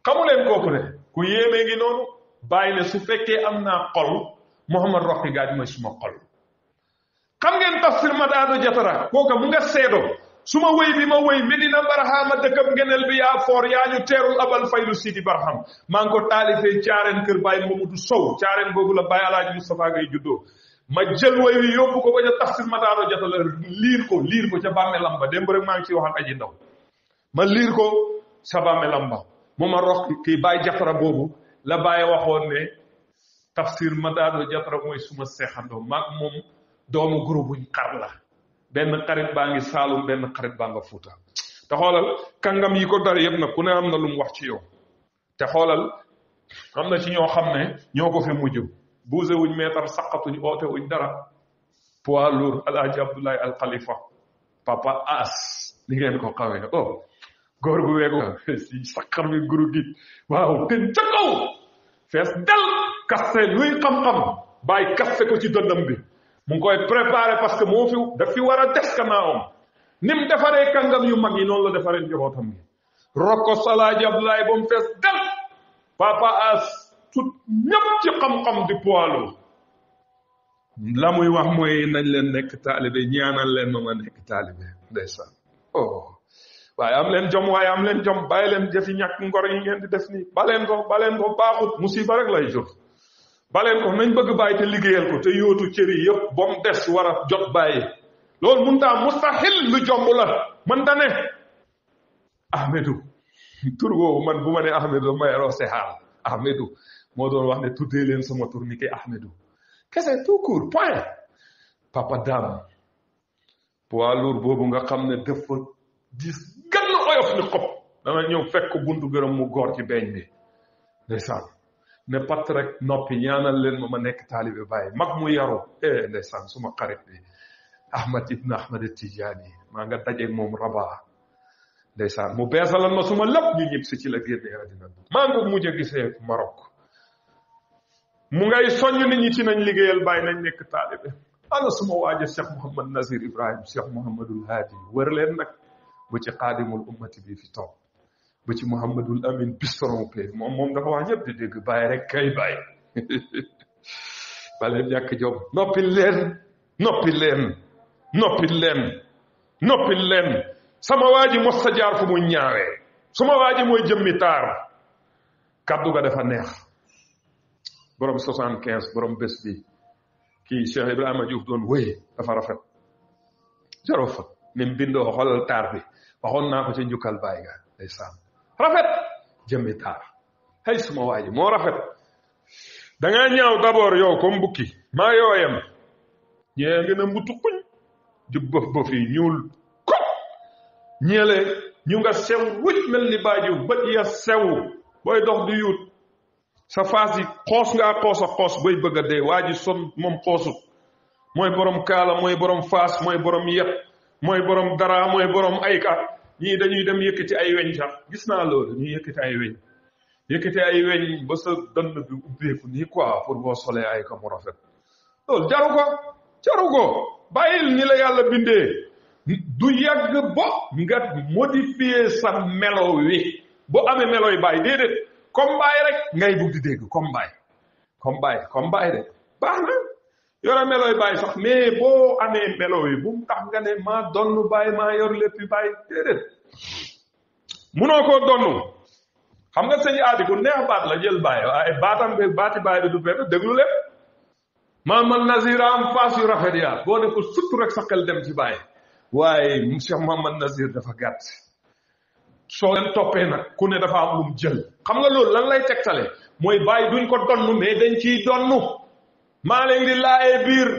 xamu leen kooku ne ku yéeme ngi noonu bàyyi ne su fekkee am naa xol Mouhamad Roqi Gadji mooy suma xol xam ngeen tafsir Madaado Jatara kooka mu nga seedoo su ma wéy bi ma wéy Medina Barhama dëkkam ngeneel bi yaa foor yaa ñu teerul abal faylu Sidi Barham maa ngi ko taalifee caareen kër Baye Mamadou Sow caareen boobu la Baye Alaaji Moustapha ngay juddoo ma jël way wi yóbbu ko ba ca tafsir Madaado Jatara liir ko liir ko ca bàmmeelam la démb rek maa ngi ciy waxal aji ndaw man liir ko sa bàmmeelam ba mu ma rox baay bàyyi boobu la bàyyi waxoon ne tafsir ma daadoo jafara mooy suma seexandoo maag moom doomu groupe buñ xar la benn xarit baa ngi saalum benn xarit baa fuuta te xoolal kàngam yi ko dara yëpp na ku ne am na lu mu wax ci yow te xoolal am na ci ñoo xam ne ñoo ko fi mujj buuse wuñ meetar saqatuñ oote wuñ dara poids lourd alaaji abdoulaye alxalifa papa as li ngeen ko xawee oh góor gu weegu ah. si saxar bi guru gi waaw ten ca kaw fees del kaste luy xam-xam bàyyi kaste ko ci dënnam bi mu ngi koy préparé parce que moo fi daf fi war a des kannaawam ni mu defaree kàngam yu mag yi noonu la defaree njabootam gi rokkos alaaji Abdoulaye ba fees del papa as tut ñëpp ci xam-xam di poilu la muy wax mooy nañ leen nekk taalibe ñaanal leen ma ma nekk taalibe oh waaye am leen jom waaye am leen jom bàyyi leen jëfi ñàkk ngor yi ngeen di def nii baleen ko baleen ko baaxut musiba rek lay jur baleen ko nañ bëgg bàyyi te liggéeyal ko te yootu cëri yëpp bom des war a jot bàyyi loolu mun taa mustahil lu jomb la man da ne ahmedu tur woowu man bu ma ne ahmedu may roo sehaal ahmedu moo doon wax ne tuddee leen sama tour ni kay ahmedu kese tout court point papa dam poids lourd boobu nga xam ne dis ni xob dama ñëw fekk buntu gërëm mu góor ci beeñ bi ndeysaan ne pat rek noppi ñaanal leen ma nekk taalibe bàyyi mag mu yaru eh ndeysaan suma xarit bi ahmad ibn ahmad tijaani maa nga dajeeg moom rabaa ndeysaan mu beesalal ma suma lépp ñu ñib ci la génnee àddina maa nga mujj a gisee Maroc mu ngay soññ nit ñi ci nañ liggéeyal bàyyi nañ nekk taalibe ana suma waaja cheikh mouhamad nasir ibrahim cheikh mouhamadul haadi wër leen nag بتي قادم الأمة بي في طوب بتي محمد الأمين بسرون بي مهم دفع عجب دي دي باي رك باي بلين ياك جوب نوبي لين نوبي لين سما واجي مستجار فمو نياوي سما واجي مو جمي تار كادو فنيخ بروم 75 بروم بس بي كي شيخ ابراهيم جوف دون وي جروف من بيندو خول waxoon naa ko ca njukkal bàyyi nga ndeysaan rafet jëmmi taar xëy suma waa moo rafet da ngaa ñaaw d'abord yow comme bukki maa yooyam ñee nga na mbutu kuñ di bëf bëf yi ñuul ko ñeele ñu nga sew wuj mel ni baaju bët ya sew booy dox di yuut sa faas yi xoos ngaa xoos a xoos booy bëgg a dee waa son moom xoosut mooy borom kaala mooy borom faas mooy borom yet mooy borom dara mooy borom ay ka ñii dañuy dem yëkkati ay weñ sax gis naa loolu ñuy yëkkati ay weñ yëkkati ay weñ ba sa dënn bi ubbeeku nii quoi pour boo solee ay ka mu rafet loolu jaru ko jaru ko bàyyil la yàlla bindee du yàgg ba nga modifier sa melo boo amee melo yi bàyyi déedéet comme bàyyi rek ngay bugg dégg comme bàyyi comme bàyyi comme bàyyi de yore melooy bàyyi sax mais boo amee melo yi bu mu tax nga ne maa donn bàyyi maa yor lépp bàyyi déedéet munoo koo donn xam nga sëñ aadi ku neex baat la jël bàyyi waaye baatam bi baati bàyyi bi du benn déglu lépp maa man nazira am faas yu rafet yaa boo ne ko sut rek sa xel dem ci bàyyi waaye monsieur Mahamad Nazir dafa gàtt soo leen toppee nag ku ne dafa am lu mu jël xam nga loolu lan lay tegtale mooy bàyyi duñ ko donn mais dañ ciy donn maa leen di laayee biir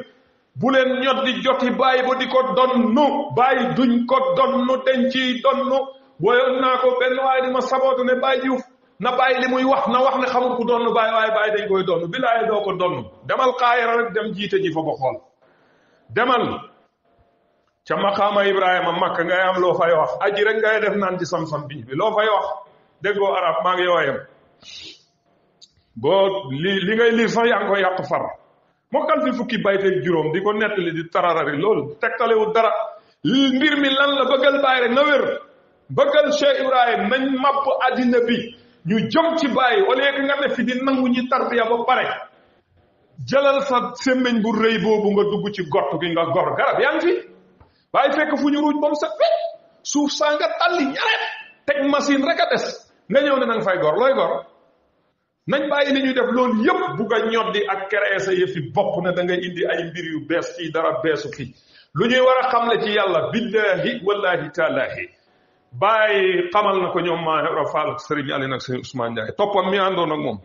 bu leen ñot di joti bàyyi ba di ko donnu bàyyi duñ ko donnu dañ ciy donnu booyoon naa ko benn waaye di ma sabootu ne bàyyi Diouf na bàyyi muy wax na wax ne xamul ku donnu bàyyi waaye bàyyi dañ koy donnu bi laayee doo ko donnu demal xaayara rek dem jiite ji fa ba xool demal ca maqaama Ibrahima makk ngay am loo fay wax aji rek ngay def naan ci sam-sam bi loo fay wax déggoo arab maa ngi yooyam boo li li ngay liir sax yaa ngi koy yàq mokkal fi fukki bayte ak diko netali di tararari tektale wu dara mbir mi lan la bëggal bay rek na wér bëggal cheikh ibrahim nañ map adina bi ñu jëm ci bay wala lieu nga def fi di nangu ñi tarbiya ba pare jëlal sa semmeñ bu reey bobu nga dugg ci gott gi nga gor garab yaa fi bay fekk fu ñu ruuj bam sa set suuf sa nga tali ñaret tek machine rek a dess nga ñew ne na nga fay gor loy gor nañ bàyyi li ñuy def loolu yépp bugg a ñoddi ak créer sa yëfi bopp ne da ngay indi ay mbir yu bees fii dara beesu fii lu ñuy war a xamle ci yàlla billahi wallahi taalahi bàyyi xamal na ko ñoom maa rafal ak sëriñ Alioune ak sëriñ Ousmane Ndiaye toppam mi àndoon ak moom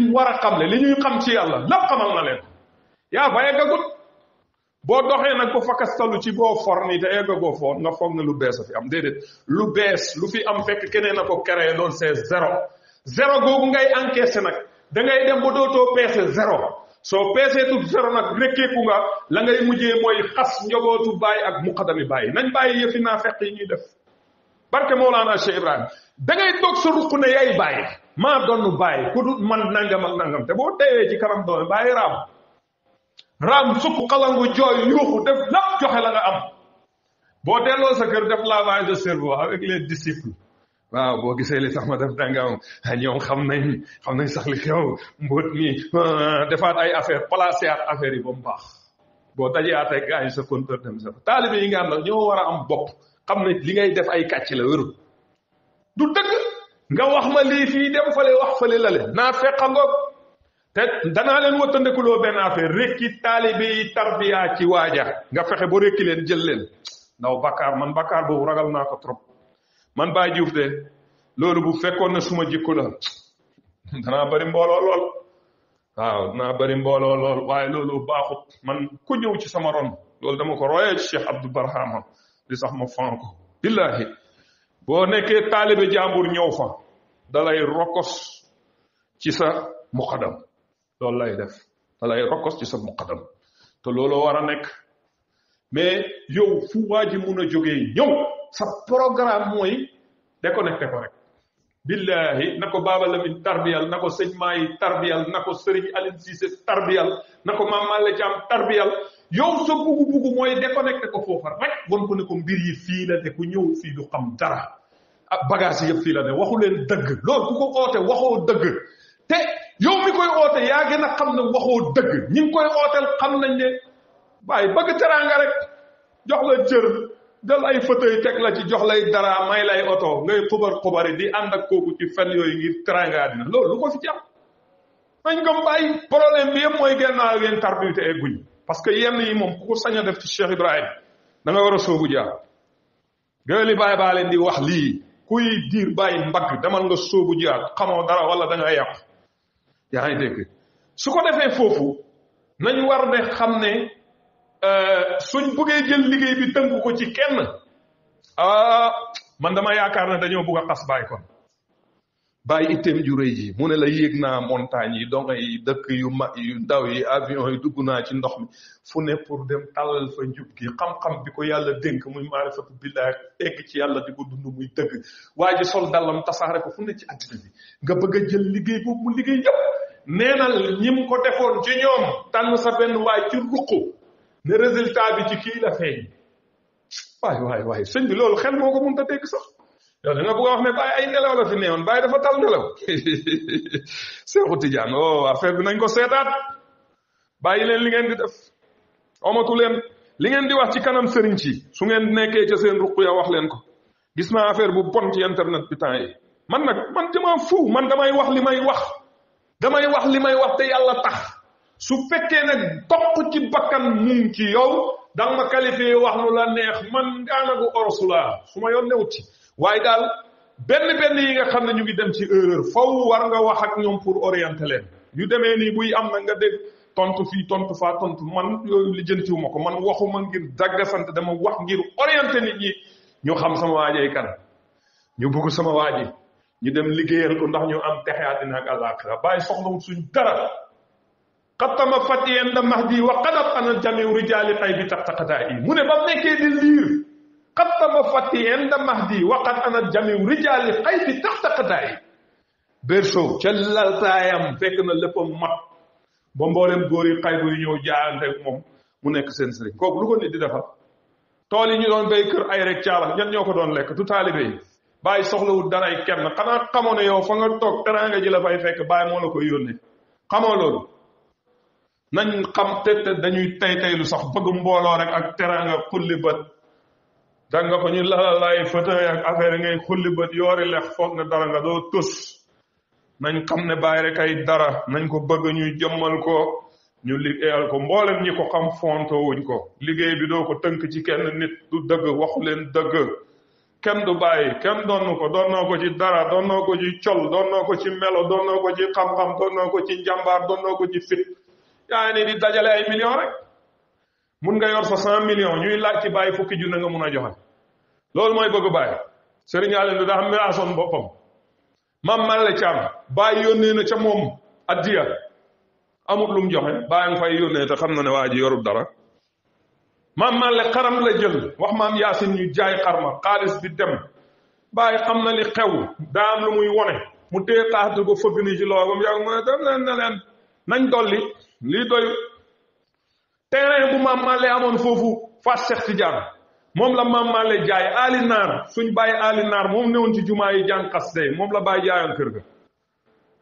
mu war a xam xamle li ñuy xam ci yàlla lépp xamal na leen yaa fa eggagut boo doxee nag bu fakastalu ci boo for nii te eggagoo foon nga foog ne lu bees a fi am déedéet lu bees lu fi am fekk keneen a ko créé doon c'est zéro zéro googu ngay encaissé nag da ngay dem ba dootoo peese zéro soo peesee tut zéro nag rekkeeku nga la ngay mujjee mooy xas njobootu baay ak muqadami bàyyi nañ bàyyi yëfi naa fekk yi ñuy def barke Mawlana Cheikh Ibrahima da ngay toog sa ruq ne yaay bàyyi maa doon bàyyi ku dut man nangam ak nangam te boo deewee ci kanam doome bàyyi raam raam sukk xalangu jooy yuuxu def lépp joxe la nga am boo delloo sa kër def lavage de cerveau avec les disciples waaw boo gisee li sax ma def dangam ñoom xam nañ xam nañ sax li xew mbóot mi ah, defaat ay affaire placé at affaire yi ba mu baax boo dajee at ay gaañ sa compteur dem sa taalibe am la ñoo war a am bopp xam ne li ngay def ay kàcc la wérul du dëgg nga wax ma lii fii dem fale wax fale la le naa feqa ngoog te danaa leen wattandekuloo benn affaire rekki taalibe yi tarbiya ci waaja nga fexe ba rekki leen jël leen ndaw bakkaar man bakkaar boobu ragal naa ko trop man baa Diouf de loolu bu fekkoon na suma jikko la danaa bari mbooloo lool waaw danaa bari mbooloo lool waaye loolu baaxut man ku ñëw ci sama ron loolu dama ko royee ci Cheikh Abdou Barhama li sax ma fan ko billahi boo nekkee taalibe jàmbur ñëw fa dalay rokos ci sa muqaddam loolu lay def dalay rokos ci sa muqaddam te looloo war a nekk mais yow fu waaji mun a ñëw sa programme mooy déconnecté ko rek billahi nako baba lamin tarbiyal nako seigne may tarbiyal nako serigne aline cisse tarbiyal nako mamale cham tarbiyal yow so bugu bugu moy déconnecté ko fofa rek won ko ne ko mbir yi fi la te ku ñew fi du xam dara bagage yeb fi la ne waxu len deug lool ku ko oté waxo deug te yow mi koy oté ya gëna xam ne waxo deug ñi koy otel xam nañ ne bàyyi bëgg teraanga rek jox la cër dal ay fauteuil teg la ci jox lay dara may lay oto ngay xubar xubari di ànd ak kooku ci fen yooyu ngir teraanga àddina loolu lu ko fi ci am nañ ko bàyyi problème bi yëpp mooy gennaaw yéen tarbiwute egguñ parce que yenn yi moom ku ko sañ a def ci Cheikh Ibrahim da war a soobu jaar gël yi bàyyi baa leen di wax lii kuy diir bàyyi mbagg demal nga soobu jaar xamoo dara wala da nga yàqu yaa ngi dégg su ko defee foofu xam ne Euh, suñ buggee jël liggéey bi tënku ko ci kenn ah man dama yaakaar na dañoo bugg a xas baay kon bàyyi itteem ju réy ji mu ne la yéeg naa montagne yi dongo yi dëkk yu mag yu ndaw yi avion yi dugg naa ci ndox mi fu ne pour dem tàllal fa njub gi xam-xam bi ko yàlla dénk muy maarifatu billaah egg ci yàlla di ko dund muy dëgg waa ji sol dallam tasaare ko fu ne ci àddina bi nga bëgg jël liggéey boobu mu liggéey yëpp nee na mu ko defoon ci ñoom tànn sa benn ne résultat bi ci kii la feeñ waay waay waay sëñ bi loolu xel moo ko mënta dégg sax yow dina nga bëgg wax ne bàyyi ay nelaw la fi neewoon bàyyi dafa tal nelaw Seexu Tijaan o affaire bi nañ ko seetaat bàyyi leen li ngeen di def amatu leen li ngeen di wax ci kanam sëriñ ci su ngeen nekkee ca seen ruq ya wax leen ko gis naa affaire bu bon ci internet bi temps yi man nag man damaa fu man damay wax li may wax damay wax li may wax te yàlla tax su fekke nak topp ci bakkan mu ngi ci yow dang ma qualifié wax lu la neex man daanagu orsula suma yonne wut ci waaye dal benn benn yi nga xamne ñu ngi dem ci erreur faw war nga wax ak ñom pour orienter len yu deme ni buy am na nga fi tontu fi tontu fa tontu man yoyu li jëntiwu ci wumako man waxuma ngir sant dama wax ngir orienter nit ñi ñu xam sama waajee kan ñu bëgg sama waji ñu dem liggéeyal ko ndax ñu am texe ak ak àllaaxira bàyyi soxlawut suñu dara خطم فتي عند مهدي وقدت أنا جميع رجال قيب تقتقتائي من بابنك يدير خطم فتي عند مهدي وقد أنا جميع رجال قيب تقتقتائي برشو جلال تايم فكنا لفهم ما بمبارم غوري قيب ينو جان لكم من اكسنسلي كوك لغو ندي دفع تولي ني دون بي كر اي ريك چالا جان نيو كدون لك تو طالبي باي سخلو دارا اي كرن قنا قمون يو فنغر توك ترانجي لفاي فك باي مولو كو يوني قمون لولو nañ xam te te dañuy tay tay lu sax bëgg mbolo rek ak teranga xulli bët da nga ko ñu la la lay fëtëy ak affaire ngay xulli bët yori lex fokk na dara nga do tous nañ xam ne bay rek ay dara nañ ko bëgg ñuy jëmmal ko ñu liggéeyal ko mbolam ñi ko xam fonto wuñ ko liggéey bi do ko tënk ci kenn nit du dëgg waxu leen dëgg kenn du bàyyi kenn donnu ko donnoo ko ci dara donnoo ko ci col donnoo ko ci melo donnoo ko ci xam-xam donnoo ko ci njàmbaar donnoo ko ci fit gaa ni di dajale ay millions rek mun nga yor sa cent millions ñuy laaj ci bàyyi fukki na nga mun a joxe loolu mooy bëgg bàyyi Serigne Alioune da daa am miraasoon boppam maam Malle Thiam bàyyi yónnee na ca moom addiya amut lum joxe bàyyi nga fay yónnee te xam na ne waa ji yorut dara maam Malle xaram la jël wax maam Yaasin ñu jaay xarma xaalis bi dem bàyyi xam na li xew daa am lu muy wone mu dee tax ko fëgg ni ci loolu mu yàgg mu ne dem leen ne leen. nañ dolli lii doy terrain bu maam Maale amoon foofu Fass si Tidiane moom la maam Maale jaay aali naar suñ bàyyi aali moom newoon ci jumaa yi jànqas day moom la bàyyi jaayoon kër ga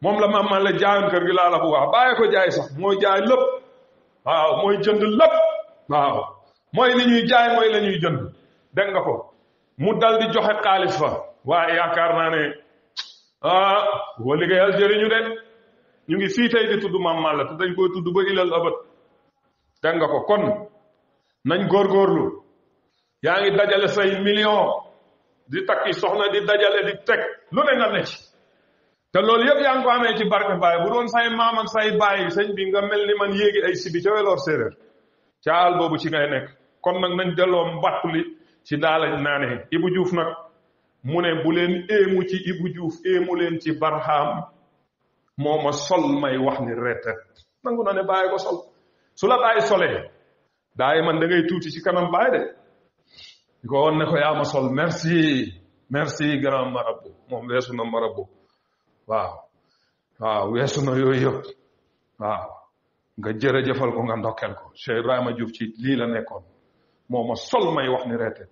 moom la maam Maale jaayoon kër gi laa la bu wax bàyyi ko jaay sax mooy jaay lépp waaw mooy jënd lépp waaw mooy li ñuy jaay mooy lañuy ñuy jënd dégg ko mu daldi di joxe xaalis fa waaye yaakaar naa ne ah boo liggéeyal jëriñu de. ñu ngi fii tey di tudd maam Malla te dañ koy tudd ba ilal abat dégg nga ko kon nañ góorgóorlu yaa ngi dajale say million di takki soxna di dajale di teg lu ne nga ne ci te loolu yëpp yaa ngi ko ci barke baay bu doon say maam ak say baay sëñ bi nga mel ni man yéegi ay sibi ca weloor séeréer caal boobu ci ngay nekk kon nag nañ delloo mbattu li ci daalañ naa ne Ibou juuf nag mu ne bu leen éemu ci Ibou Diouf éemu leen ci Barham moo ma sol may wax ni retet nangu na ne bàyyi ko sol su la bàyyi solee daay man da ngay tuuti ci kanam bàyyi de di ko woon ne ma sol merci merci grand marabout moom weesu na marabout waaw waaw weesu na yooyu yëpp waaw nga jërëjëfal ko nga ndokkeel ko Cheikh Ibrahima Diouf ci lii la nekkoon moo ma sol may wax ni retet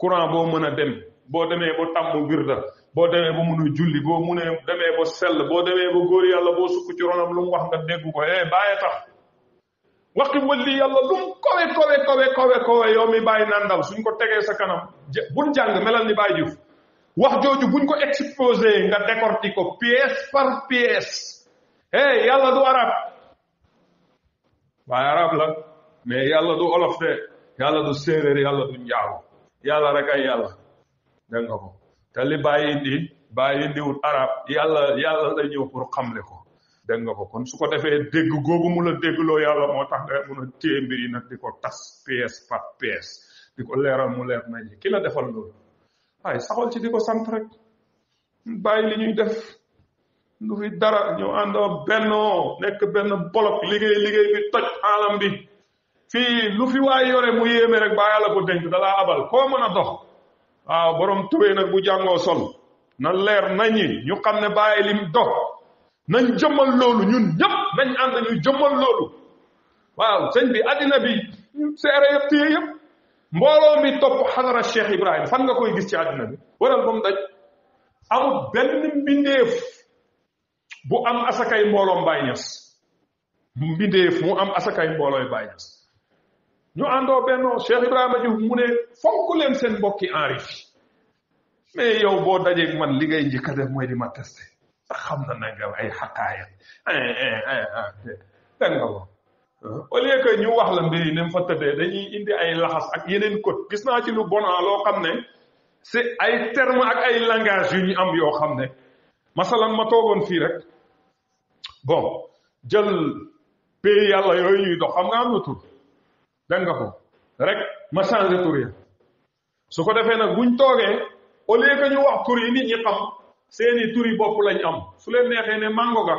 courant boo mën a dem boo demee ba tàmm wirda boo demee ba mun a julli boo mun a demee ba sell boo demee ba góor yàlla boo sukk ci ronam lu mu wax nga dégg ko eh bàyyi tax waxi wëlli yàlla lu mu kowe kowe kowe kowe kowe yow mi bàyyi nandal suñ ko tegee sa kanam buñ jàng melal ni bàyyi jëf wax jooju buñ ko exposé nga décorti ko pièce par pièce eh yàlla du arab waaye arab la mais yàlla du olof de yàlla du séeréer yàlla du njaaw yàlla rek ay yàlla dégg ko te li bàyyi indi bàyyi wut arab yàlla yàlla la ñëw pour xamle ko dégg nga ko kon su ko defee dégg googu mu la déggloo yàlla moo tax nga mun a téye mbir yi nag di ko tas pièce PS. pièce di ko leeral mu leer nañ ki la defal loolu waaye saxol ci di ko sant rek bàyyi li ñuy def du fi dara ñu àndoo bennoo nekk benn bolok liggéey liggéey bi toj alam bi fii lu fi waay yore mu yéeme rek bàyyi la ko denc da laa abal koo mën a dox waaw ah, borom tubéy nag bu jàngoo sol na leer nañi ñu xam ne bàyyi lim dog nañ jëmmal loolu ñun ñëpp nañ ànd ñu jëmmal loolu waaw sëñ bi addina bi seere yëpp téye yëpp mbooloo mi topp xadara Cheikh Ibrahima fan nga koy gis ci addina bi waral ba mu daj amul benn mbindeef bu am asakay mbooloom Baay Ñas mbindeef mu am asakay mboolooy Baay Ñas ñu àndoo bennoo Cheikh Ibrahima Diouf mu ne fonk leen seen mbokki enrichi mais yow boo dajeeg man li ngay njëkk a def mooy di ma testé ndax xam na na nga ay xaqaayam eh, eh, eh, ah, dégg nga ñu wax la mbir yi ni mu indi ay ak yeneen code gis naa ci lu bon ah, loo xam ne c'est ay terme ak ay langage yu ñu am yoo xam ne masalan ma toogoon fii rek bon jël pays yàlla yooyu ñuy dox xam nga am na tur dégg nga ko rek ma changé tur yi su ko defee nag buñ toogee au lieu que ñu wax tur yi nit ñi xam seeni tur yi bopp lañ am su leen neexee ne mango ga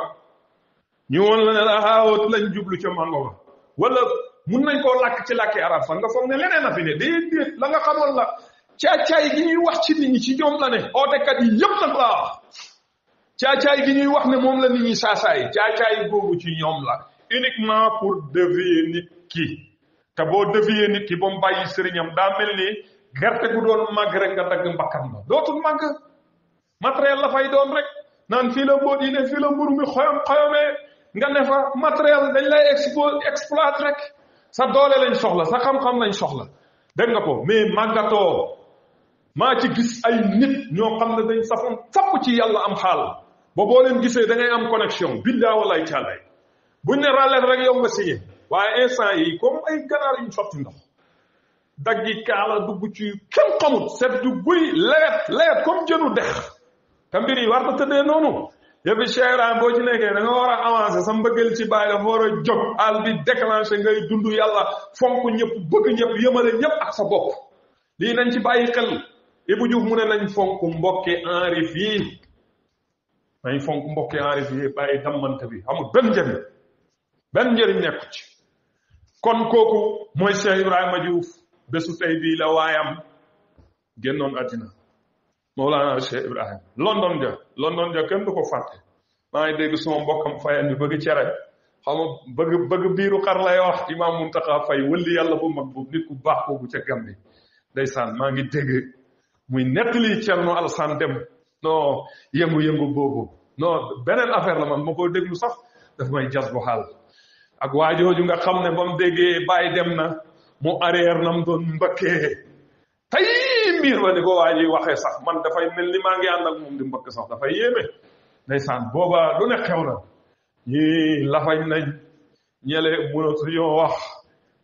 ñu woon la ne la aawat ah, ah, lañ jublu ci mango ga wala mun nañ koo làkk ci làkki arab sax nga foog ne leneen a fi ne day la nga xamoon la caacaay gi ñuy wax ci nit ñi ci ñoom la ne ootekat yi yëpp nag caacaay gi ñuy wax ne moom la nit ñi saasaay caacaay googu ci ñoom la uniquement pour dévier nit ki te boo defiyee nit ki boo mu bàyyi sëriñam daa mel ni gerte gu doon màgg rek nga dagg mbakkan ba dootul màgg matériel la fay doon rek naan fii la mbóot yi ne fii la mburu mi xoyom xoyomee nga ne fa matériel dañ lay expo exploite rek sa doole lañ soxla sa xam-xam lañ soxla dégg nga ko mais màggatoo maa ci gis ay nit ñoo xam ne dañ safoon sapp ci yàlla am xaal ba boo leen gisee da ngay am connexion billaa wallaay càllaay bu ne ràlleen rek yow nga signé waaye instant yi comme ay ganaar yuñ sotti ndox daggi kaala dugg ci kenn xamut set du guy leet leet comme jënu dex te mbir yi tëddee noonu yëpp cheran boo ci nekkee da nga war a avancer sa mbëggal ci bàyyi dafa war a jóg al bi déclenché ngay dund yàlla fonk ñëpp bëgg ñëpp yëmale ñëpp ak sa bopp lii nañ ci bàyyi xel Ibou Diouf mu ne nañ fonk mbokki Henri fii nañ fonk mbokki Henri fii bàyyi dammante bi amul benn njëriñ benn njëriñ nekku ci kon kooku mooy Cheikh Ibrahima Diouf bésu tey bii la waayam génnoon àddina Mawlana Cheikh Ibrahima London ja London ja kenn du ko fàtte maa ngi dégg suma mbokkam fayan bi bëgg cere xaw bëgg biiru xar lay wax Imam Muntaxa Fay wëlli yàlla bu mag boobu nit ku baax boobu ca Gàmbi ndeysaan maa ngi dégg muy nettali Cerno Alsan Dem non yëngu-yëngu boobu non beneen affaire la man ma koy déglu sax daf may jas bu xaal ak waajooju nga xam ne ba mu déggee bàyyi dem na mu areer nam doon mbëkkee tey mbir ba ni ko waa ji waxee sax man dafay mel ni maa ngi ànd ak moom di mbëkk sax dafay yéeme ndeysaan booba lu ne xew na ñii lafañ nañ ñele mënatu yoo wax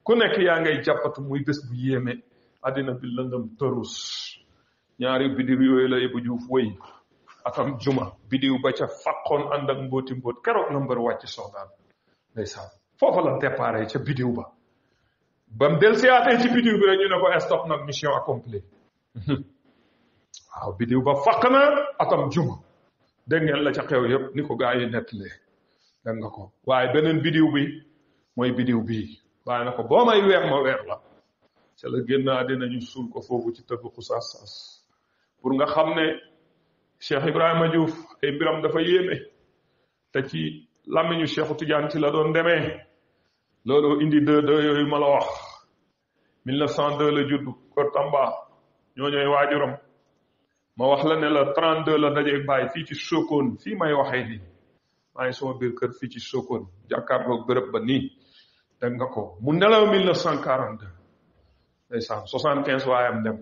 ku nekk yaa ngay jàppatu muy bés bu yéeme àddina bi lëndam tërus ñaari bidiw yooyu la Ibou Diouf woy atam juma bidiw ba ca fàqoon ànd ak mbóoti mbóot keroog na mbër wàcc soxnaan ndeysaan foofa la déparé ca bidiw ba ba mu del siyaatee ci bidiw bi rek ñu ne ko stop mission accomplie waaw bidiw ba faq na atam juma dégg la ca xew yépp ni ko gaa yi nettalee dégg nga ko waaye beneen bidiw bi mooy bidiw bii bàyyi na ko boo may weer ma weer la ca la génn àddina ñu suul ko foofu ci tëgg xusaas saas pour nga xam ne Cheikh Ibrahima Diouf ay mbiram dafa yéeme te ci làmmiñu Cheikhu Tidiane ci la doon demee loolu indi deux deux yooyu ma la wax mille neuf cent deux la judd ko Tamba ñoo ñooy waajuram ma wax la ne la 32 la dajeeg bàyyi fii ci Sokone fii may waxee nii maa ngi biir kër fii ci Sokone jàkkaarloog bërëb ba nii dégg nga ko mu nelaw 1942 ndeysaan 75 waayam dem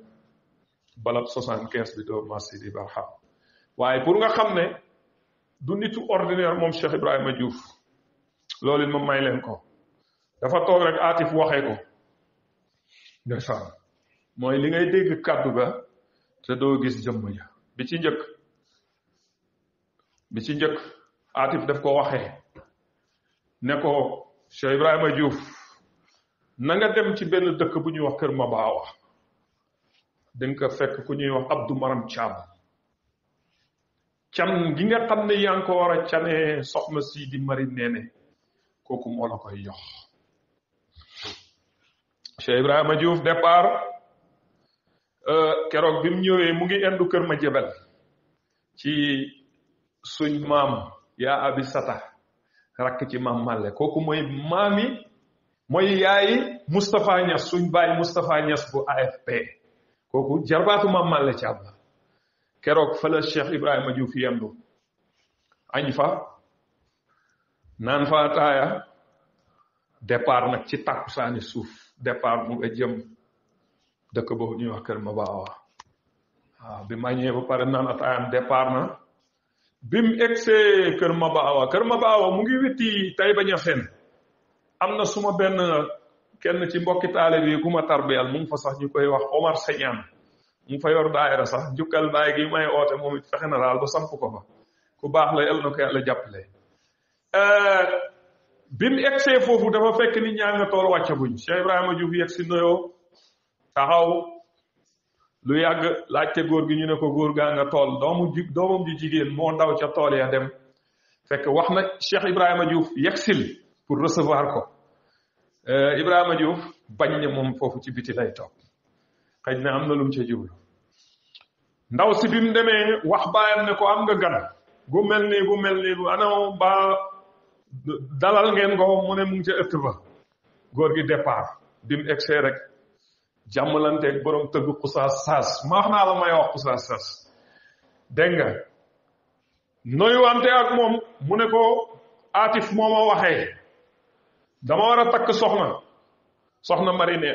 balab 75 bi doo Massi di barxam waaye pour nga xam ne du nitu ordinaire moom Cheikh Ibrahima Diouf loolu it ma may leen ko. dafa toog rek aatif waxee ko ndeysaan mooy li ngay dégg kàddu ga te doo gis jëmm ja bi ci njëkk bi ci njëkk aatif daf ko waxee ne ko Cheikh Ibrahima Diouf na nga dem ci benn dëkk bu ñuy wax Kër Mabaawa dinga ko fekk ku ñuy wax Abdou Maram Thiam can gi nga xam ne yaa ngi ko war a canee soxna si di mari neene kooku moo la koy jox cheikh ibrahima diouf départ euh kérok bimu ñëwé mu ngi endu kër ma jébal ci suñ mam ya abi sata rak ci mam malé koku moy mami moy yaay mustapha ñas suñ baye mustapha ñas bu afp koku jarbaatu mam malé ci abba kérok fa la cheikh ibrahima diouf yendu añ fa nan fa taaya départ nak ci takusani souf départ mu ejem jëm dëkk boobu ñuy wax kër ma baawa waaw bi ma ñëwee ba pare naan ataayam départ na bim egsee kër ma baawa kër ma baawa mu ngi witti tay bañ a am na suma benn kenn ci mbokki taale yi ku ma tarbiyal mu ngi fa sax ñu koy wax Omar Señaan mu fa yor daayira sax njukkal baay gi may oote moom it fexe ba samp ko fa ku baax la yàlla na ko yàlla jàppale euh, bi mu egsee foofu dafa fekk ni ñaa nga tool wàccaguñ Cheikh Ibrahima Diouf yegg si nuyoo taxaw lu yàgg laajte góor gi ñu ne ko góor gaa nga tool doomu ji doomam ju jigéen moo ndaw ca tool ya dem fekk wax na Cheikh Ibrahima Diouf yegg sil pour recevoir ko euh, Ibrahima Diouf bañ ne moom foofu ci biti lay toog xëy na am na lu ca jublu ndaw si bi demee wax baayam ne ko am nga gan gu mel nii gu mel nii bu anaw dalal ngeen ko mu ne mu ngi ca ba góor gi départ bi mu egsee rek jàmmalanteeg borom tëgg xusaas saas ma naa la may wax xusaas saas dégg nga noyuwante ak moom mu ne ko aatif moo ma waxee dama war a takk soxna soxna marine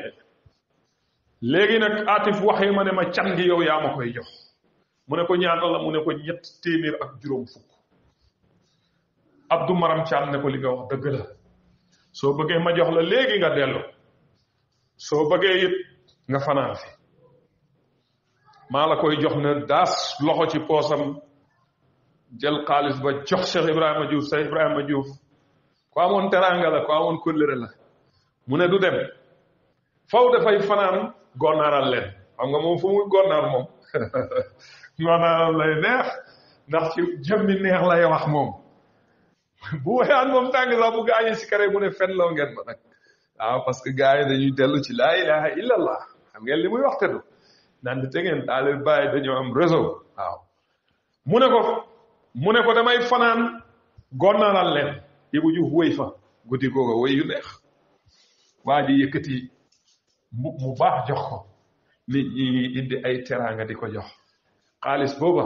léegi nag aatif waxee ma ne ma can gi yow yaa ma koy jox mu ne ko ñaata la mu ne ko ñett téeméer ak juróom fukk Abdou Maram Thiam ne ko wax dëgg la soo bëggee ma jox la léegi nga dellu soo bëggee it nga fanaan fi maa la koy jox ne daas loxo ci poosam jël xaalis ba jox Cheikh Ibrahima Diouf Cheikh Ibrahima Diouf amoon teraanga la ku amoon kóllëre la mu ne du dem faw dafay fanaan gonnaaral leen xam nga moom fu muy gonnaar moom gonnaaral lay neex ndax ci jëmmi neex lay wax moom bu woyaan moom tàng sax bu gaañee si kare mu ne fen loo ngeen ma nag waaw parce que gaa yi dañuy dellu ci laa ilaha illallah xam ngeen li muy waxte du naan di te ngeen daal leen bàyyi am réseau waaw mu ne ko mu ne ko damay fanaan gonnalal leen Ibou Diouf wéy fa guddi googa wéy yu neex waa ji yëkkati mbub mu baax jox ko nit ñi indi teraanga di ko jox xaalis booba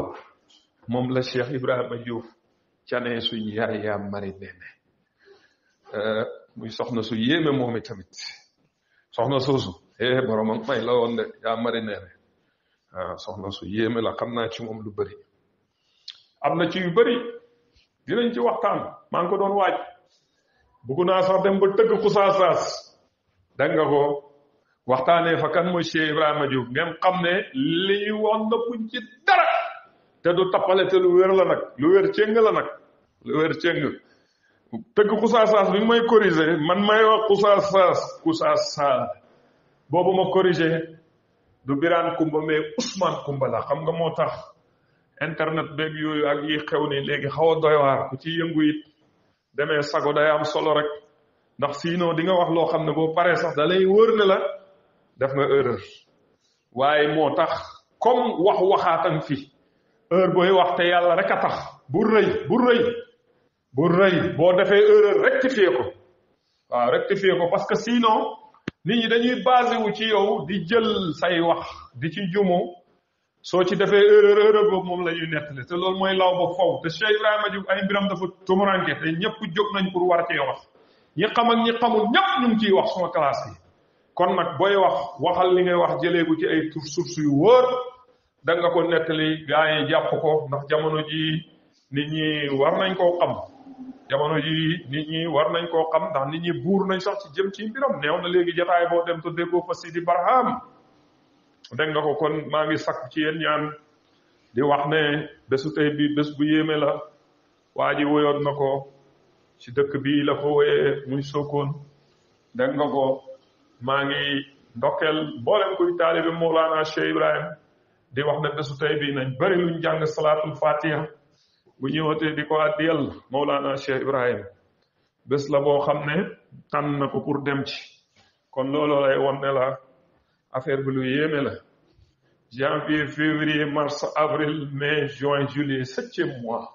moom la Cheikh Ibrahima Diouf cane su yaay yaa mari nene eh, muy soxna su yéeme moom tamit soxna suusu eh boromam may la woon de yaa mari nene waaw ah, soxna su yéeme la xam naa ci moom lu bari am na ci yu bëri dinañ ci waxtaan maa ngi ko doon waaj bëgg naa sax dem ba tëgg xusaasaas dégg ko waxtaanee fa kan mooy Cheikh Ibrahima Diouf ngeen xam ne li ñu na buñ ci dara te du tappale te lu wér la nag lu wér cëng la nag lu wér cëng tëgg xusaasaas bi may corriger man may wax xusaasaas xusaasaas boobu ma corriger du biraan kumba mais Ousmane kumba la xam nga moo tax internet beeg yooyu ak yi xew nii léegi xaw a doy waar ku ci yëngu it demee sago day am solo rek ndax sinon di nga wax loo xam ne boo paree sax da lay wóor ne la def nga erreur waaye moo tax comme wax waxaatam fi heure boy wax te yàlla rek tax bu reuy bu reuy bu reuy bo defé heure rectifier ko wa rectifier ko parce que sinon nit ñi dañuy basé wu ci yow di jël say wax di ci jumo so ci defé heure heure boobu mom lañuy ñuy te lool moy law ba faw te Cheikh Ibrahima djou ay mbiram dafa tumuranke te ñëpp jóg nañ pour war ci wax ñi xam ak ñi xamul ñëpp ñu ci wax sama classe yi kon nak boy wax waxal li ngay wax jëlé ko ci ay source yu wër da nga ko nettali gaa yi jàpp ko ndax jamono ji nit ñi war nañ ko xam jamono ji nit ñi war nañ koo xam ndax nit ñi buur nañ sax ci jëm ci mbiram neew na léegi jataay boo dem tuddee ko fa Sidi Barham dégg nga ko kon maa ngi sakk ci yéen ñaan di wax ne bésu tey bi bés bu yéeme la waa ji na ko ci dëkk bii la ko woyee muy Sokone dégg nga ko maa ngi ndokkeel mboolem kuy taalibe Mawlana Cheikh Ibrahim di wax ne bésu tey bii nañ bëri luñ jàng salaatul fatiha bu ñëwatee di ko addiyal Mawlana Cheikh Ibrahim bés la boo xam ne tànn na ko pour dem ci kon looloo lay won ne la affaire bi lu yéeme la janvier février mars avril mai juin juillet septième mois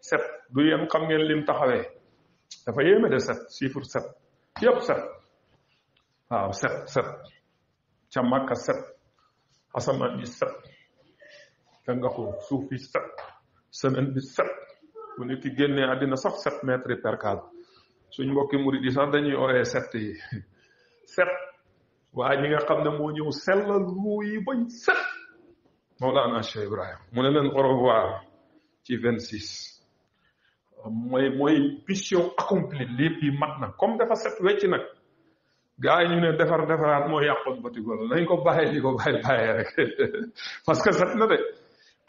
sept du yéen xam ngeen lim taxawee dafa yéeme de sept chiffre sept yëpp sept waaw sept sept ca Makka sept asamaan bi set nga ko suuf bi set semaine bi set bu nit ki génnee àddina sax sept mètres per case suñ mbokki murid yi sax dañuy ooyee set yi set waaye ñi nga xam ne moo ñëw sellal ruu yi bañ set Mawlana Cheikh Ibrahima mu ne leen au revoir ci vingt six mooy mooy mission accomplie lépp mat na comme dafa set wecc nag gaa yi ñu ne defar defaraat moo yàqoon bati golo nañ ko bàyyi di ko bàyyi bàyyi rek parce que set na de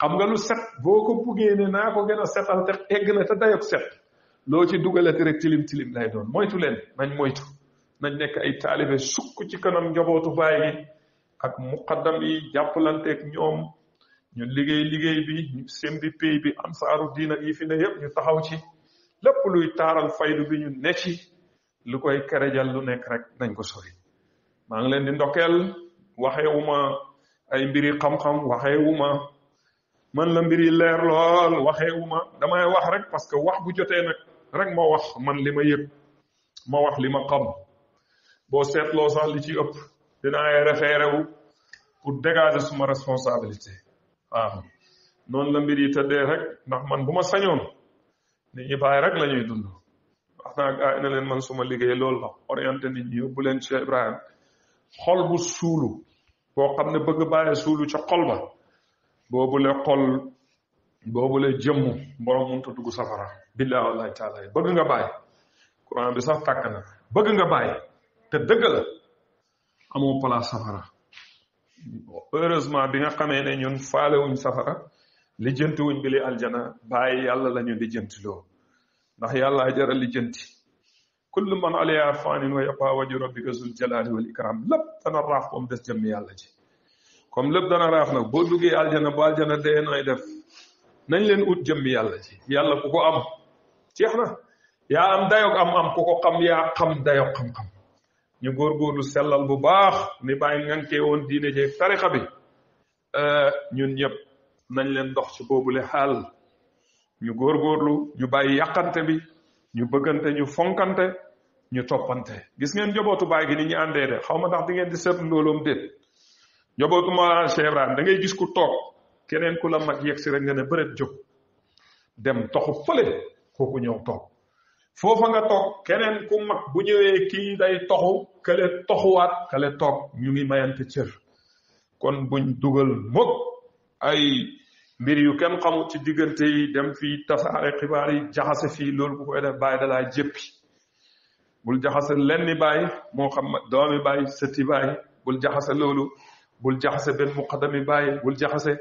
xam nga lu set boo ko buggee ne naa ko gën a setal te egg na te dayok set loo ci dugalati rek tilim tilim lay doon moytu leen nañ moytu nañ nekk ay taalibe sukk ci kanam njabootu baay gi ak muqaddam yi jàppalanteeg ñoom ñu liggéey liggéey bi sem bi pay bi ansaaru diina yi fi ne yëpp ñu taxaw ci lépp luy taaral faydu bi ñu ne ci lu koy kerejal lu nekk rek nañ ko sori maa ngi leen di ndokkeel waxeewuma ay mbiri xam-xam waxeewuma man la mbiri leer lool waxeewuma damay wax rek parce que wax bu jotee nag rek ma wax man li ma yëg ma wax li ma xam boo seetloo sax li ci ëpp dinaay référé wu pour dégager suma responsabilité waaw noonu la mbir yi tëddee rek ndax man bu ma sañoon nit ñi rek lañuy dund naa gaa yi ne leen man suma liggéey loolu la orienté nit ñi yóbbu leen Cheikh Ibrahim xol bu suulu boo xam ne bëgg bàyyi suulu ca xol ba boobu le xol boobu le jëmm borom mënut a dugg safara billaahi wallaahi taala bëgg nga baay courant bi sax tàkk na bëgg nga baay te dëgg la amoo place safara heureusement bi nga xamee ne ñun faale wuñ safara lijjanti wuñ bi li aljana bàyyi yàlla la ñu lijjantiloo ndax yàlla jaral li jënti kullu man alayha fanin wa yaqa wajhu rabbika zul jalali wal ikram lépp dana raaf ba mu des jëmmi yàlla ji comme lépp dana raaf nag boo duggee aljana bu aljana dee nooy def nañ leen ut jëmmi yàlla ji yàlla ku ko am jeex na yaa am dayog am am ku ko xam yaa xam dayog xam-xam ñu góorgóorlu sellal bu baax ni bàyyi ngankee woon diine jeeg tarixa bi ñun ñëpp nañ leen dox ci boobule xaal ñu góorgóorlu ñu bàyyi yàqante bi ñu bëggante ñu fonkante ñu toppante gis ngeen njobootu baay gi ni ñu àndee de xaw ma ndax di ngeen di seetlu looloom déet njobootu Mawlana Cheikh Ibrahim gis ku toog keneen ku la mag yegg si rek nga ne bëreet jóg dem toxu fële kooku ñëw toog foofa nga toog keneen ku mag bu ñëwee kii day toxu kale toxuwaat kale toog ñu ngi mayante cër kon buñ dugal mukk ay mbir yu kenn xamul ci diggante yi dem fii tasaare xibaar yi jaxase fii loolu bu koy de bàyyi dalaa jéppi bul jaxase lenni bàyyi moo xam doomi bàyyi sëtti bàyyi bul jaxase loolu bul jaxase benn muqaddami bàyyi bul jaxase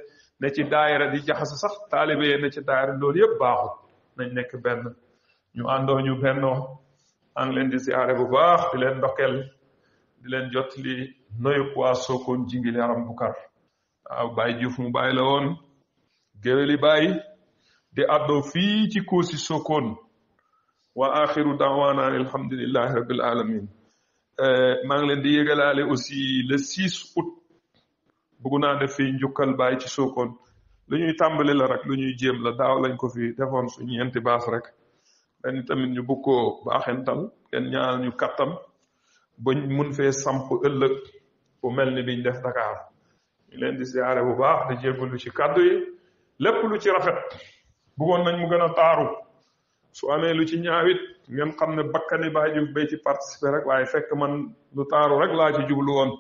ne ci daayira di jaxase sax taalibe yi ne ci daayira loolu yëpp baaxul nañ nekk benn ñu àndoo ñu bennoo ànd leen di siyaare bu baax di leen ndokkeel di leen jot li noyu waa Sokone jingil yaram bu kar waaw Baye woon géwéli bàyyi di addoo fii ci koosi sokoon wa axiru da'wana an alhamdulilahi rabil alamin maa ngi leen di yëgalaale aussi le 6 août bëgg naa def fii njukkal bàyyi ci sokoon lu ñuy la rek lu ñuy jéem la daaw lañ ko fi defoon su ñeenti baas rek ren tamit ñu bëgg koo baaxental kenn ñaanal ñu kattan bañ mun fee samp ëllëg bu mel biñ def Dakar ñu leen di siyaare bu baax di jégalu ci kàddu yi lépp lu ci rafet bëggoon nañ mu gën a taaru su amee lu ci ñaawit ngeen xam ne bakkani baa ji bay ci participer rek waaye fekk man lu taaru rek laa ci jublu woon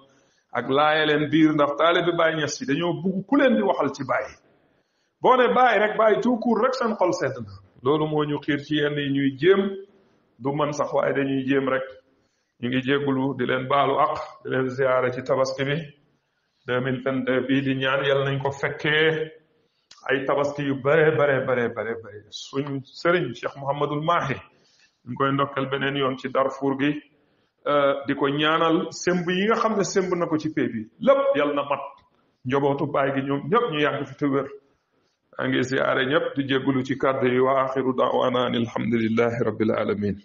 ak laaye leen biir ndax taalibe Baay Ñas ci dañoo bugg ku leen di waxal ci Baay boo ne Baay rek Baay tout court rek seen xol sedd na loolu moo ñu xiir ci yenn yi ñuy jéem du man sax waaye dañuy jéem rek ñu ngi jéggulu di leen baalu ak di leen ziyaare ci tabaski bi 2022 bii di ñaan yàlla nañ ko fekkee ay tabaski yu bare bare bare bare bare suñu sëriñ Cheikh Mouhamadul Mahi ñu koy ndokkal beneen yoon ci Darfour gi euh, di ko ñaanal semb yi nga xam ne semb na ko ci pay lap yal na mat njobootu baay gi ñoom ñëpp ñu yàgg fi te wér a ngi siyaare ñëpp di jéggulu ci kàddu yi wa axiru daawaana an alhamdulillahi rabbil alamin